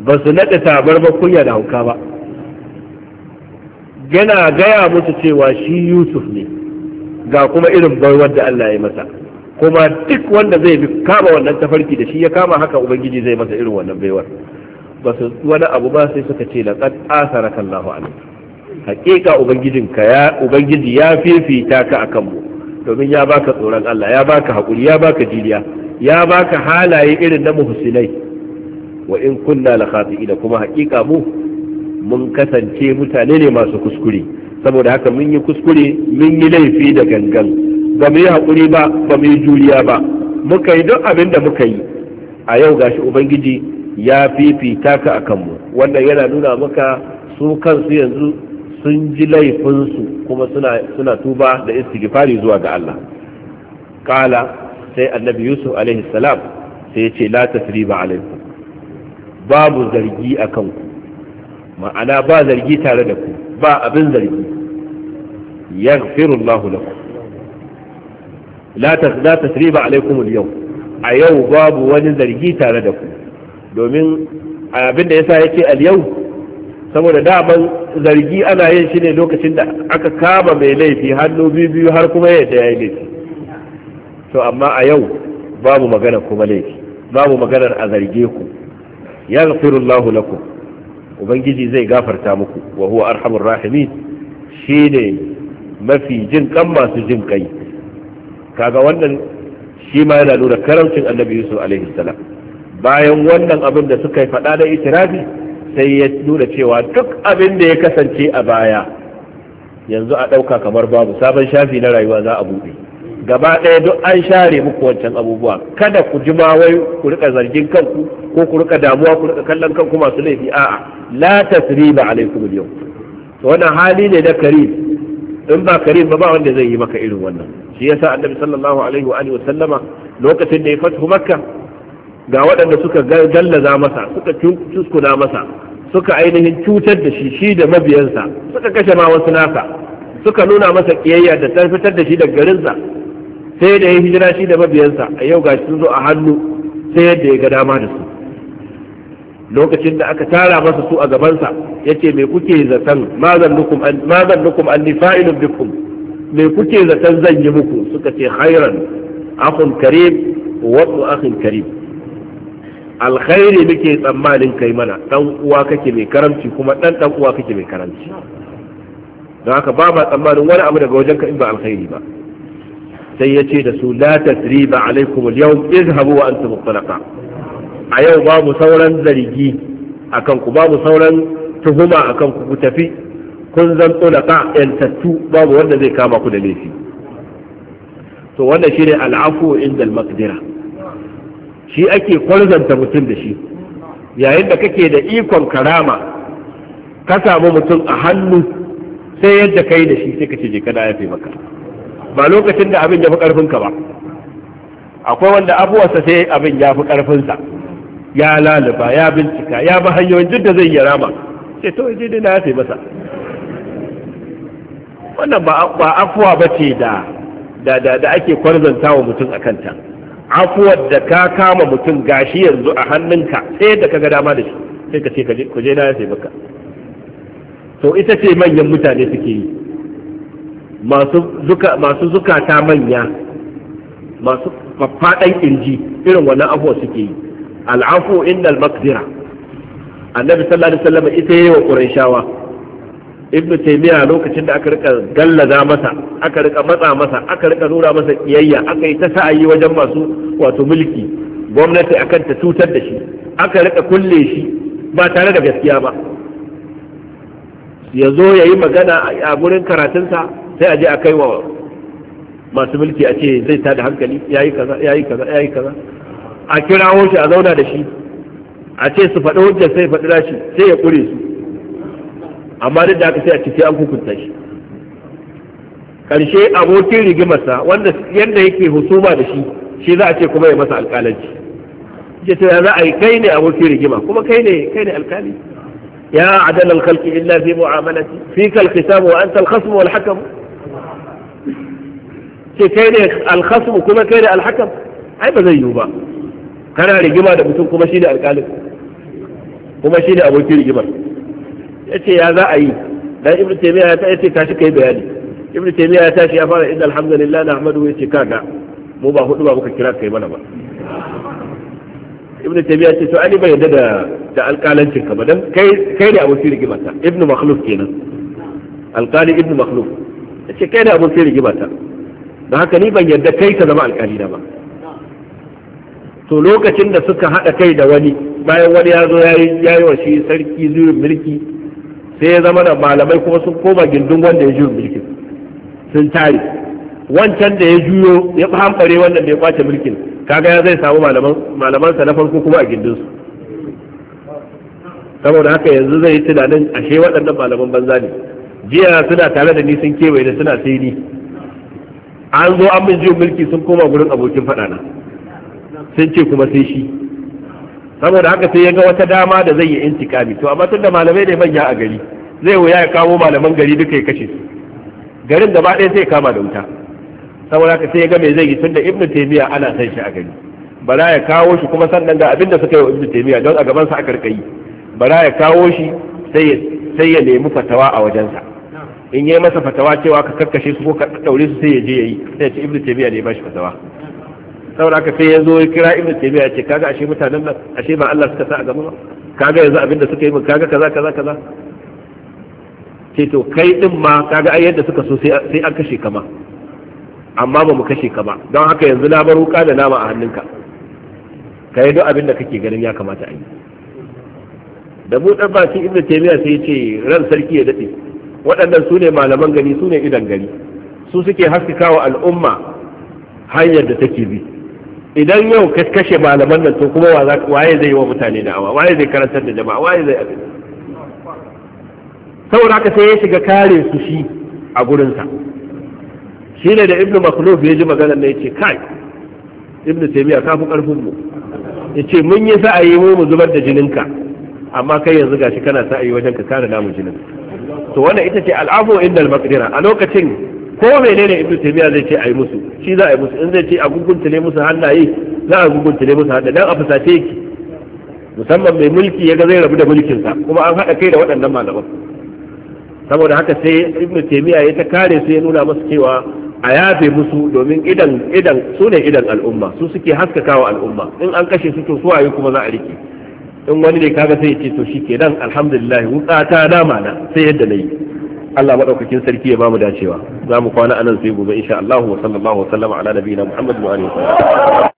ba su naɗa tabar ba kunya da hauka ba yana gaya musu cewa shi yusuf ne ga kuma irin baiwar da allah ya masa kuma duk wanda zai bi kama wannan tafarki da shi ya kama haka ubangiji zai masa irin wannan baiwar ba su wani abu ba sai suka ce laqad asara kallahu alaihi hakika ka ya ubangiji ya fifita ka akan mu domin ya baka tsoron Allah ya baka hakuri ya baka jiriya ya baka halaye irin na muhsinai wa in kunna la khati'ina kuma hakika mu mun kasance mutane ne masu kuskure saboda haka mun yi kuskure mun yi laifi da gangan ba mu yi haƙuri ba ba mu yi juriya ba muka yi duk abin da muka yi a yau gashi ubangiji ya fifita ka a kanmu wannan yana nuna maka su kansu yanzu sun ji laifinsu kuma suna suna tuba da istighfari zuwa ga Allah kala sai annabi yusuf alaihi salam sai ya ce la tasriba alaikum babu zargi akan ku ma'ana ba zargi tare da ku ba abin zargi yaghfirullahu lakum la tasda tasriba alaikum alyawm a yau babu wani zargi tare da ku domin abin da yasa yake alyawm saboda saboda ban zargi ana yin shi ne lokacin da aka kama mai laifi hannu biyu biyu har kuma yadda ya yi laifi to amma a yau babu magana kuma laifi babu maganar a zarge ku yaghfirullahu lakum ubangiji zai gafarta muku wa huwa arhamur rahimin shine mafi jin kan masu jin kai kaga wannan shi ma yana nuna karamcin annabi yusuf alaihi salam bayan wannan abin da suka yi faɗa da itirafi sai ya nuna cewa duk abin da ya kasance a baya yanzu a ɗauka kamar babu sabon shafi na rayuwa za a buɗe gaba ɗaya duk an share muku wancan abubuwa kada ku ji ma wai ku rika zargin kanku ko ku rika damuwa ku rika kallon kanku masu laifi a'a la tasriba alaikum yau to wannan hali ne da karim in ba karim ba ba wanda zai yi maka irin wannan shi yasa annabi sallallahu alaihi wa alihi sallama lokacin da ya fatu makka ga waɗanda suka gallaza masa suka cuskuna masa suka ainihin cutar da shi shi da mabiyansa suka kashe ma wasu naka suka nuna masa kiyayya da tarfitar da shi daga garinsa sai da ya hijira shi da mabiyansa a yau gashi sun zo a hannu sai yadda ya ga dama da su lokacin da aka tara masa su a gabansa yace me kuke zaton ma zannukum an ma bikum me kuke zaton zan yi muku suka ce khairan akhun karim wa akhin karim alkhairi muke tsammanin kai mana dan uwa kake mai karamci kuma dan dan uwa kake mai karamci don haka ba ma tsammanin wani abu daga wajenka in ba alkhairi ba sai ya ce da su la tasriba alaikum al izhabu wa antum mutlaqa a yau babu sauran zargi akan ku babu sauran tuhuma akan ku ku tafi kun zan tsulaka yantattu babu wanda zai kama ku da laifi to wannan shine al'afu inda al-maqdira shi ake kwarzanta mutum da shi yayin da kake da ikon karama ka samu mutum a hannu sai yadda kai da shi sai ka ce je kana yafe maka ba lokacin da abin ya fi ƙarfinka ba akwai wanda abuwarsa sai abin ya fi ƙarfinsa ya laluba ya bincika ya bi hanyoyin duk da zai yi rama sai to je na ya sai masa wannan ba afuwa ba ce da da da ake kwarzanta wa mutum a kanta afuwar da ka kama mutum gashi yanzu a hannunka sai da ka ga dama da shi sai ka ce ku je na ya sai maka to ita ce manyan mutane suke yi masu zukata manya masu faffaɗan ƙirji irin wannan afuwa suke yi al'afu innal makdira annabi sallallahu alaihi wasallam ita yayi wa qurayshawa ibnu taymiya lokacin da aka rika gallaza masa aka rika matsa masa aka rika nura masa kiyayya aka yi ta sa'ayi wajen masu wato mulki gwamnati akan ta cutar da shi aka rika kulle shi ba tare da gaskiya ba ya zo ya yi magana a gurin karatunsa sai a je a kai wa masu mulki a ce zai tada hankali yayi kaza yayi kaza yayi kaza a kirawo shi a zauna da shi a ce su faɗi hujjar sai faɗi rashi sai ya ƙure su amma duk da aka sai a ciki an hukunta shi karshe abokin rigimarsa wanda yadda yake husuma da shi shi za a ce kuma ya masa alƙalanci ce to ya za a yi kai ne abokin rigima kuma kai ne kai ne alƙali ya adalan alkhalqi illa fi mu'amalati fi kal wa anta al-khasm wal hakam ce kai ne alkhasmu kuma kai ne alhakam ai ba zai yiwu ba kana rigima da mutum kuma shi ne alƙalin kuma shi ne abokin rigimar ya ce ya za a yi dan ibnu taymiya ya ta ka shi kai bayani Ibn taymiya ya tashi ya fara inna alhamdulillah nahmadu ya ce kaga mu ba hudu ba muka kira kai mana ba ibnu taymiya ce to ali bai yadda da da alƙalancin ka ba dan kai kai ne abokin rigimar ta ibnu makhluf kenan alƙali Ibn makhluf ya ce kai ne abokin rigimar ta da haka ni ban yarda kai ka zama alƙali na ba to lokacin da suka haɗa kai da wani bayan wani ya zo ya yi wa shi sarki zuwa mulki sai ya zama da malamai kuma sun koma gindin wanda ya juyin mulki sun tare wancan da ya juyo ya hanfare wannan da ya kwace mulkin kaga ya zai samu malamansa na farko kuma a su saboda haka yanzu zai yi tunanin ashe waɗannan malaman banza ne jiya suna tare da ni sun kewaye da suna sai ni an zo an min jiyo mulki sun koma gurin abokin faɗa na sun ce kuma sai shi saboda haka sai ya ga wata dama da zai yi intikami to amma tunda malamai ne manya a gari zai wuya ya kawo malaman gari duka ya kashe su garin gaba ɗaya sai kama da wuta saboda haka sai ya ga me zai yi tunda ibnu taymiya ana san shi a gari bara ya kawo shi kuma sannan ga abin da suka yi wa ibnu taymiya don a gaban sa a rika yi bara ya kawo shi sai ya nemi fatawa a wajensa in yi masa fatawa cewa ka karkashe su ko ka daure su sai ya je yayi sai ce ibnu tabiya ne ya bashi fatawa saboda haka sai ya zo ya kira ibnu tabiya ce kaga ashe mutanen nan ashe ba Allah suka sa a gaba ba kaga yanzu abin da suka yi min kaga kaza kaza kaza ce to kai din ma kaga ai yadda suka so sai an kashe ka ma amma ba mu kashe ka ba don haka yanzu na bar wuka da nama a hannunka ka yi duk abin da kake ganin ya kamata a yi da mu ba baki inda tabiya sai ce ran sarki ya daɗe waɗannan su ne malaman gari su ne idan gari su suke haskaka wa al'umma hanyar da take bi idan yau ka kashe malaman nan to kuma waye zai yi wa mutane da'awa waye zai karantar da jama'a waye zai abin saboda haka sai ya shiga kare su shi a gurinsa shi ne da ibnu makhluf ya ji magana ne ya ce kai ibnu taymiya ka fi karfin mu ya ce mun yi sa'ayi mu zubar da jininka amma kai yanzu gashi kana sa'ayi wajen ka kare namu jinin to wanda ita ce al'afu inda al-maqdira a lokacin ko menene ibnu taymiya zai ce ai musu shi za a yi musu in zai ce a guguntule musu hannaye za a guguntule musu hannaye dan a fusace ki musamman mai mulki ya ga zai rabu da mulkin sa kuma an haɗa kai da waɗannan malaman saboda haka sai ibnu taymiya ya ta kare su ya nuna musu cewa a yafe musu domin idan idan su ne idan al'umma su suke haskakawa al'umma in an kashe su to su waye kuma za a rike in wani ne kaga sai ya ce to shi ke dan alhamdulillah wuka ta dama na sai yadda yi Allah maɗaukakin sarki ya bamu dacewa za mu kwana anan sai gobe insha Allah wa sallallahu wa sallama ala nabiyina Muhammad wa alihi